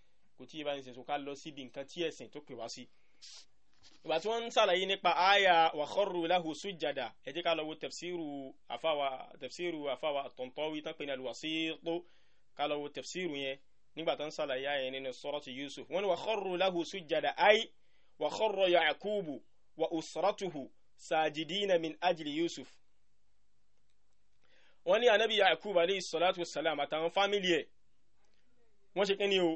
ìgbà tí wọ́n ń sàlàyé nípa àyà wa kharru lahu sujjada ẹ jẹ́ ká lọ wo tafsiru àfàwà tafsiru àfàwà Tantawi tán pé ní al-Wasitu ká lọ wo tafsiru yẹn nígbà tó ń sàlàyé àyà yẹn nínú suratu Yusuf wọ́n ní wa kharru lahu sujjada ay wa kharra Yaqubu wa usratuhu sajidina min ajli Yusuf wọ́n ní anabi yakub aleyhi salatu wasalam àtàwọn fámìlì ẹ̀ wọ́n ṣe kíni o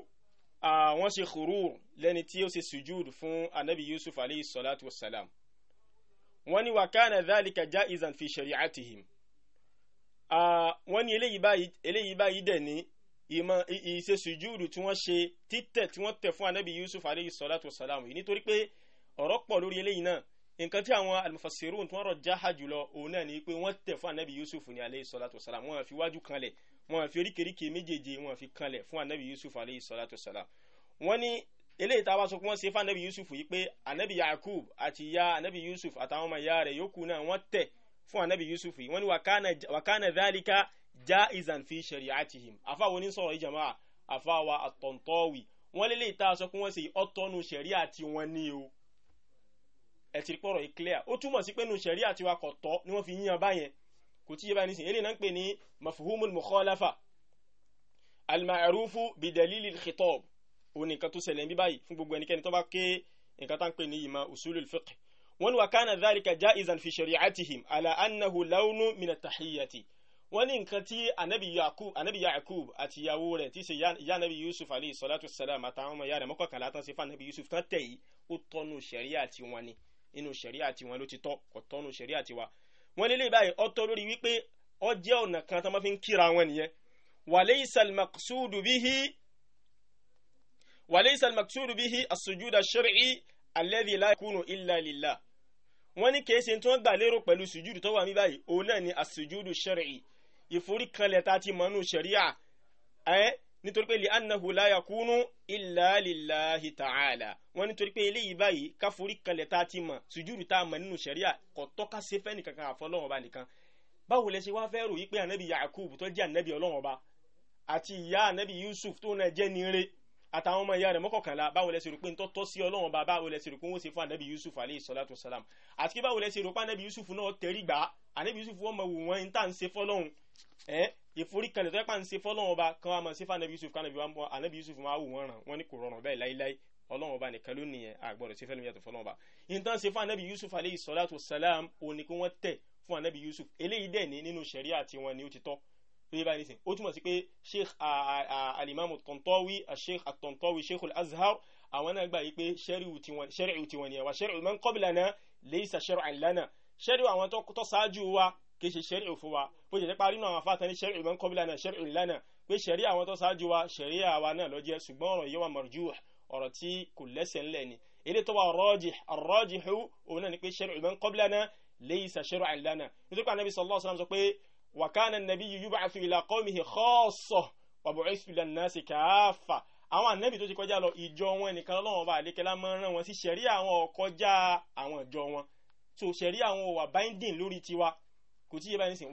wọ́n ṣe khurur lẹ́ni tí ó ṣe sujúd fún anabi yusuf aleyhi salatu wasalam wọ́n ní wa kana dhalika jaizan fi shari'atihim wọ́n ní eléyìí báyìí dẹ̀ ní ìmọ̀ ìṣe sùjúùdù tí wọ́n ṣe títẹ̀ tí wọ́n tẹ̀ fún anabi yusuf aleyhi salatu wasalam yìí nítorí pé ọ̀rọ̀ pọ̀ lórí eléyìí náà nǹkan tí àwọn almufassirun tí wọ́n rọ̀ jáha jùlọ òun náà ni pé wọ́n tẹ̀ fún anabi yusuf ní aleyhi salatu wasalam wọ́n fi wájú kanlẹ̀ wọ́n fi oríkèéríkèé méjèèjì wọ́n fi kanlẹ̀ fún anabi yusuf aleyhi salatu wasalam wọ́n ní eléyìí tá a bá sọ pé wọ́n ṣe fún anabi yusuf yìí pé anabi yakub àti ya anabi yusuf àtàwọn ọmọ ìyá rẹ̀ yòókù náà wọ́n tẹ̀ fún anabi yusuf yìí wọ́n ní wàkánà dhalika jaizan fi shari'atihim afa wo ni sọ̀rọ̀ yìí jama'a afa wa at wọ́n léléyìí tá a sọ pé wọ́n ṣe ọ̀tọ́nu ṣẹ̀ríà tí wọ́n ní o ẹ ti pọ̀rọ̀ yìí clear ó túmọ̀ sí pé nu ṣẹ̀ríà tí wa kò tọ́ ni wọ́n fi yíyan báyẹn kò tíye báyìí nísìnyí òun nìkan tó ṣẹlẹ̀ níbí báyìí fún gbogbo ẹnikẹ́ni tó bá ké nǹkan tá ń pè ní ìmọ̀ usulul fiqh wọ́n wà kánà dhalika jaizan fi shari'atihim ala annahu launu min at-tahiyyati wọ́n ní tí anabi yakub anabi yakub àti ìyàwó rẹ̀ tí ṣe ìyá anabi yusuf alayhi salatu salam àtàwọn ọmọ ìyá rẹ̀ mọ́kànlá tán sí fún anabi yusuf tán tẹ̀ yìí ó tọ́nu ṣẹ̀ríà tiwọn ni inú ṣẹ̀ríà tiwọn ló ti tọ́ kò tọ́nu ṣẹ̀ríà tiwa wọ́n lélẹ̀ báyìí ọtọ́ lórí wípé ó ọ̀nà kan tó máa fi ń kíra wọn nìyẹn wa laysa al-maqsudu وليس المقصود به السجود الشرعي الذي لا يكون إلا لله wọ́n ní kìí ṣe tí wọ́n gbà lérò pẹ̀lú sùjúdù tó wà ní báyìí òun náà ni àsùjúdù ṣẹ̀rì ìforíkanlẹ̀ tá a ti mọ̀nú ṣẹ̀ríà ẹ́ nítorí pé li'annahu la yakunu illa lillahi ta'ala wọ́n nítorí pé eléyìí báyìí ká foríkanlẹ̀ tá a ti mọ̀ sùjúdù tá mọ̀ nínú ṣẹ̀ríà kò tọ́ka ṣe fẹ́ nìkan kan àfọlọ́wọ́n ba nìkan báwo lẹ ṣe wá fẹ́ rò yí pé anabi yakub tó jẹ́ anabi ọlọ́wọ́n ba àti ìyá anabi yusuf tó náà jẹ́ nire àtàwọn ọmọ ìyá rẹ̀ mọ́kànlá báwo lẹ ṣe rò pé ń tọ́tọ́ sí ọlọ́run bá báwo lẹ rò pé wọ́n ṣe fún anabi yusuf alayhi salatu wasalam àti báwo lẹ ṣe rò pé anabi yusuf náà tẹrí gbà anabi yusuf wọn mọ wò wọn ń tà ń ṣe fọlọ́run ẹ ìforíkalẹ̀ tó yẹ pa ń ṣe fọlọ́run ọba kan wà mọ̀ fún anabi yusuf kan anabi yusuf máa wò wọn ràn wọn ní kò rọrùn bẹ́ẹ̀ láíláí ọlọ́run ọba nìkan ló nìyẹn àgbọ̀dọ̀ sí fẹ́lẹ́ yàtọ̀ fọlọ́run ọba ìtàn ṣe fún anabi yusuf alayhi salatu wasalam òní kí wọ́n tẹ̀ fún anabi yusuf eléyìí dẹ̀ ní nínú ṣẹ̀ríà tiwọn ni ó ti tọ́ lórí báyìí nísìn ó túmọ̀ sí pé sheikh alimamu tontowi sheikh atontowi sheikh al-azhar àwọn náà gbà yí pé ṣẹ́ríù tiwọn ni ẹ̀wà ṣẹ́ríù man qablana laysa shar'an lana ṣẹ́ríù àwọn tó ṣáájú wa kì í ṣe ṣẹ́ríù fún wa bó ṣe nípa nínú àwọn afáta ní ṣẹ́ríù man qablana shar'un lana pé ṣẹ̀rí àwọn tó ṣáájú wa ṣẹ̀rí àwa náà ló jẹ́ ṣùgbọ́n ọ̀rọ̀ yẹwà marjuh ọ̀rọ̀ tí kò lẹ́sẹ̀ ńlẹ̀ ni ilé tó wà rajih ar-rajihu òun ni pé ṣẹ́ríù man qablana laysa shar'an lana nítorí pé Ànábì sallallahu alaihi wasallam sọ pé wàkánà nàbí yìí yúbà àfi ìlà qawmihi khassa wàbùrẹ́sì ìlà nasi kaffa àwọn ànábì tó ti kọjá lọ ìjọ wọn ẹnìkan lọ́wọ́n bá àlékẹ́lá máa ń rán wọn sí ṣẹ̀rí àwọn ọkọjá àwọn ìjọ wọn so ṣẹ̀rí àwọn òwà binding lórí tiwa kò tí yé báyìí sìn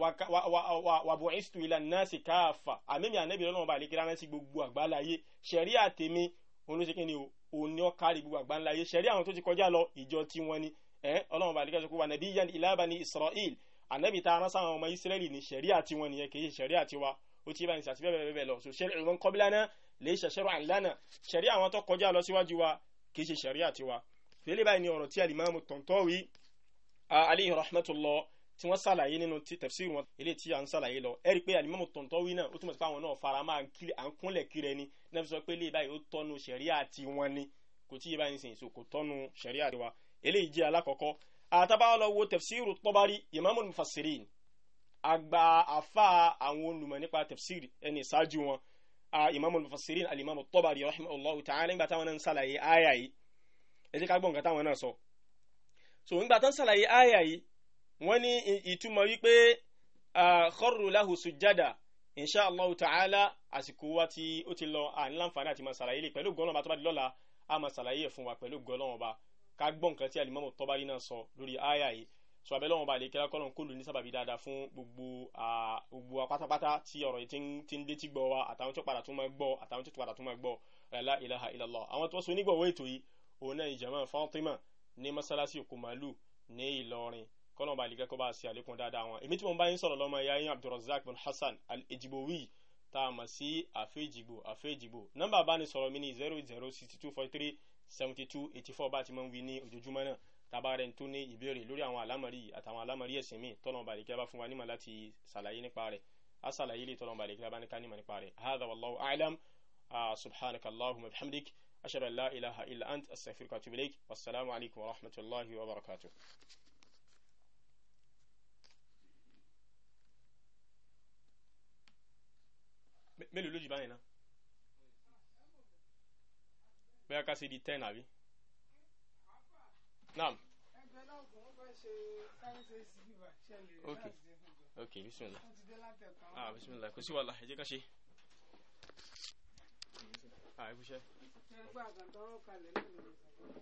wàbùrẹ́sì ìlà nasi kaffa àmẹ́mi ànábì lọ́wọ́n bá àlékẹ́lá rán sí gbogbo àgbáláyé ṣẹ̀rí àtẹ̀mí olóṣèkínni òní ọ̀kárí gbogbo àgbáláyé ṣẹ̀rí àwọn tó ti kọjá lọ ìjọ tiwọn ni ọlọ́wọ́n bá àlékẹ́lá ànábì tá a rán sáwọn ọmọ ìsírẹ́lì ní ṣẹ̀ríà tiwọn nìyẹn kì í ṣe ṣẹ̀ríà tiwa ó ti bá ní sàtì bẹ́ẹ̀ bẹ́ẹ̀ lọ so ṣẹ̀ríà wọn kọ́bílá náà lè ṣe ṣẹ̀ríà lánàá ṣẹ̀ríà àwọn tó kọjá lọ síwájú wa kì í ṣe ṣẹ̀ríà tiwa fèlè báyìí ni ọ̀rọ̀ tí alimami Tantawi aleyhi rahmatullah tí wọ́n ṣàlàyé nínú tafsir wọn eléyìí tí à ń ṣàlàyé lọ ẹ̀rí pé alimami Tantawi náà ó túmọ̀ sí pé àwọn náà fara máa ń kúnlẹ̀ kiri ẹni náà fi sọ pé eléyìí báyìí ó tọ́nu ṣẹ̀ríà tiwọn ni kò tí ì báyìí sìn so kò tọ́nu ṣẹ̀ríà tiwa eléyìí jẹ́ alákọ̀ọ́kọ́ àtàbáwọlọ́wọ́ tafsiru Tabari imamul mufassirin àgbà afa àwọn olùmọ̀ nípa tafsir ẹni ṣáájú wọn imamul mufassirin alimamu Tabari rahimahullahu ta'ala nígbà táwọn náà ń ṣàlàyé àyà yìí ẹ jẹ́ ká gbọ́ nǹkan táwọn náà sọ so nígbà tán ṣàlàyé àyà yìí wọ́n ní ìtumọ̀ wípé kharru lahu sujjada insha allahu ta'ala àsìkò wa tí ó ti lọ à ń láǹfààní àti máa ṣàlàyé lè pẹ̀lú gọ́lọ́ba tó bá di lọ́la a máa ṣàlàyé fún wa pẹ̀lú gọ́lọ́ba ká gbọ́ nǹkan tí alimami tọ́bárí náà sọ lórí àyà yìí so abẹ́lẹ́ wọn bá lè kíra kọ́lọ̀ kó lò ní sábàbí dáadáa fún gbogbo gbogbo pátápátá tí ọ̀rọ̀ yìí ti ń létí gbọ́ wa àtàwọn tó padà tún máa gbọ́ àtàwọn tó padà tún máa gbọ́ la ilaha illallah àwọn tó so nígbàwọ́ ètò yìí òun náà ìjàmọ́ Fatima ní mọ́sálásí òkú màálù ní Ìlọrin kọ́lọ̀ bá lè kíra kó bá ṣe àlékún dáadáa wọn èmi tí mo bá ń sọ̀rọ̀ lọ́mọ ya yín Abdulrazak bin Hassan al-Ejibowi tá a mọ̀ sí àfẹ́jìgbò àfẹ́jìgbò nọ́mbà bá ní sọ̀rọ̀ mi ní zero zero sixty two forty three seventy two eighty four bá ti máa ń wí ní ojoojúmọ́ náà tabaarẹ̀ ń tó ní ìbéèrè lórí àwọn àlámọ̀rí àtàwọn àlámọ̀rí ẹ̀sìn míì tọ́nà ọba àdìkẹ́ bá fún wa nímọ̀ láti ṣàlàyé nípa rẹ̀ á ṣàlàyé lè tọ́nà ọba àdìkẹ́ bá ní ká nímọ̀ nípa rẹ̀ hadha wallahu a'lam subhanaka allahumma wa bihamdik ashhadu an la ilaha illa ant astaghfiruka wa atubu ilayk wassalamu alaykum wa rahmatullahi wa barakatuh mélòó ló jù báyìí náà bóyá ká ṣe di ten àbí. naam. ok ok bisimilah ah bisimilah kò sí wàhálà ẹ jẹ́ ká ṣe. ah ẹ fi ṣe.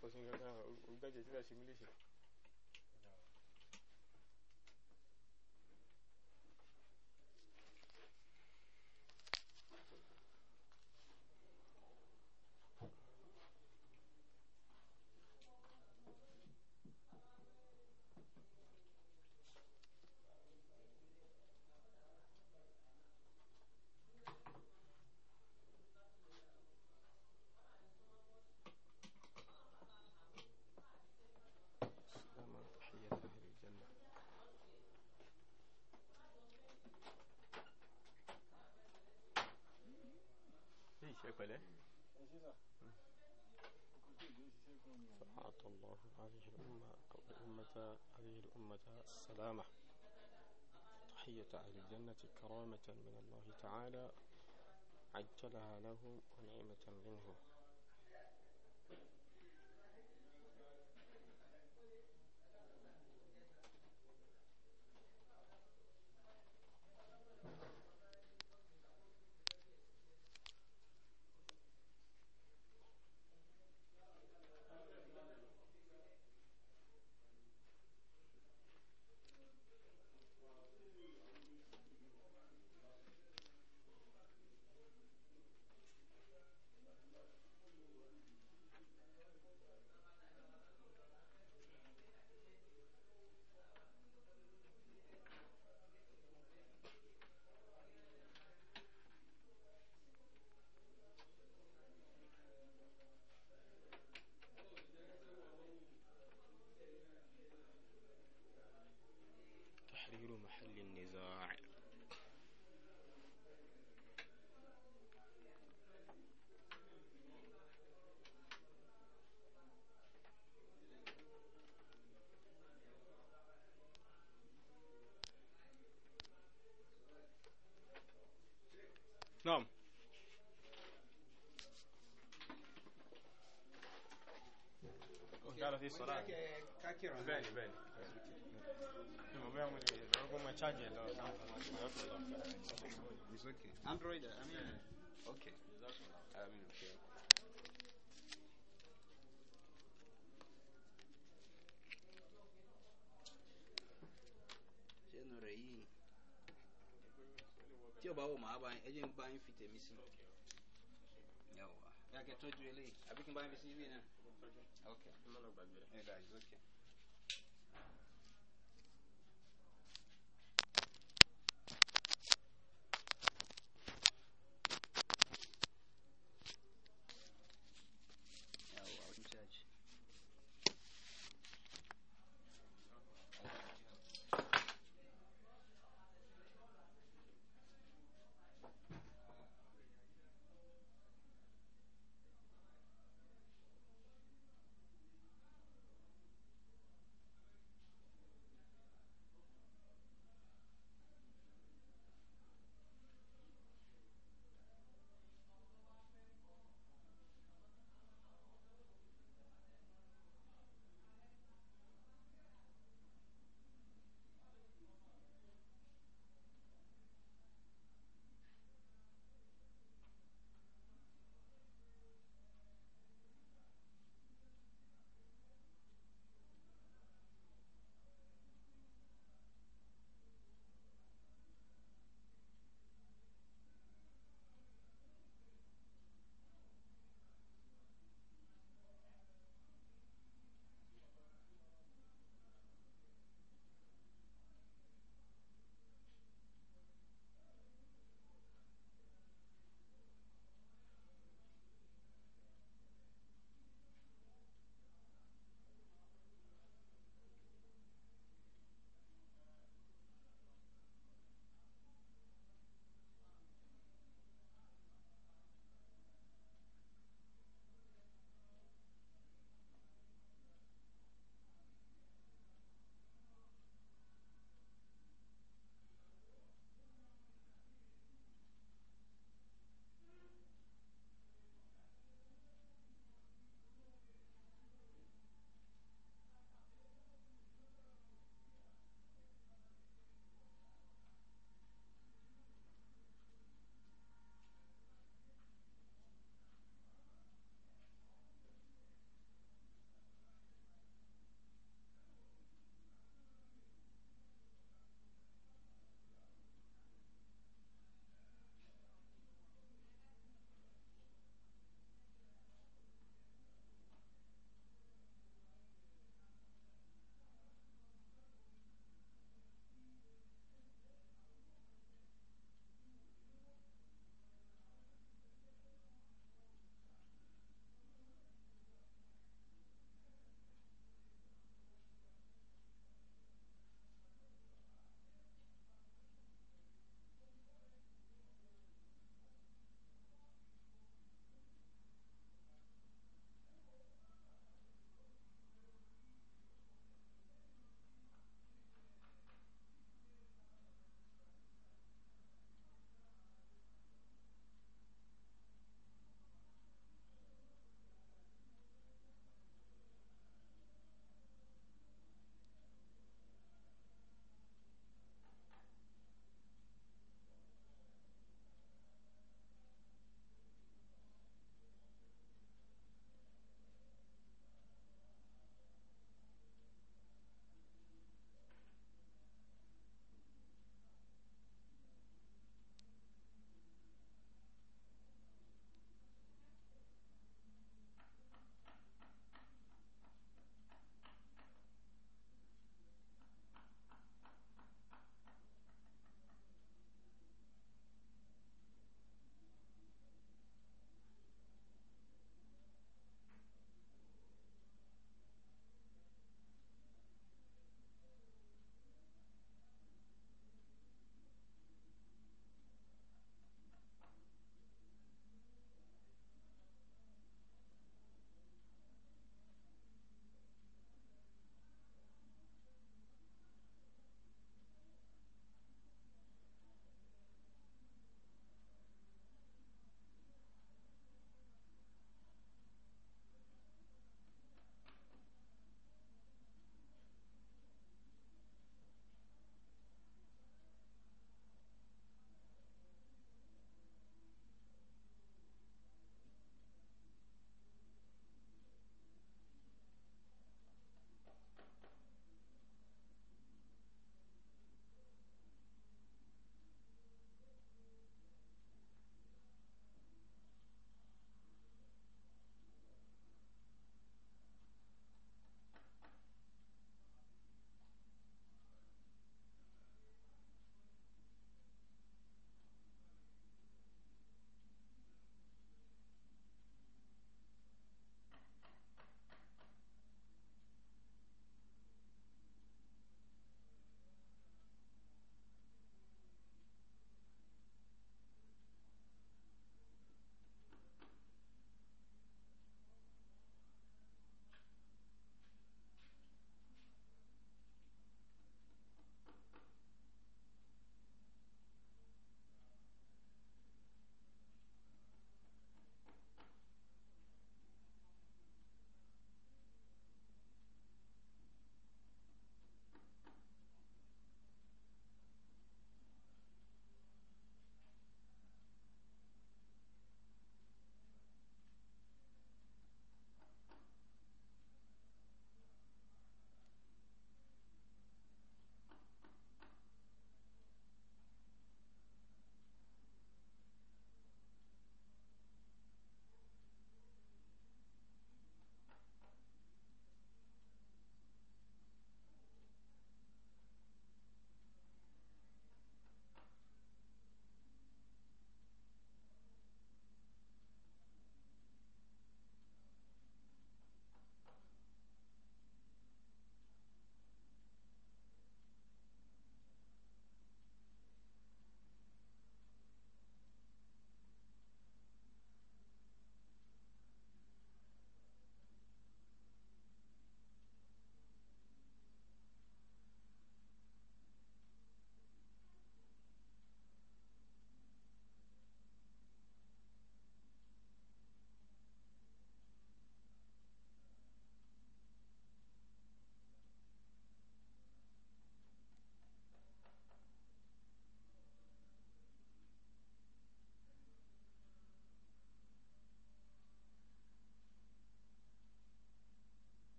kò sí nǹkan kan olùgbàjẹ́ tí wàá ṣe mí أهل الجنة كرامة من الله تعالى عجلها له ونعمة منه sọ́lá bẹ́ẹ̀ni bẹ́ẹ̀ni mo bẹ́ẹ̀ mo lè rọ́gbọ́n charge ẹ̀ lọ it's android i mean okay i um, mean okay. sẹ́nu rẹ̀ yìí tí o bá wò màá bá yín ẹ jẹ́ ń bá yín fi tèmi sí i yàwó yàtọ̀ tọ́jú eléyìí àbí kí n Okay. Okay. Okay.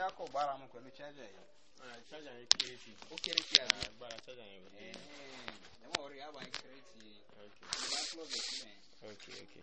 bóyá kò bára mu pẹ̀lú chájà yìí. chájà yẹn kéré sí. ó kéré sí àná. agbára chájà yẹn wò ni. ẹ ẹ ẹ mọ̀ rí àbáyé kéré sí. ok. ìbá kúlọ̀ bẹ̀ sí mi. ok ok.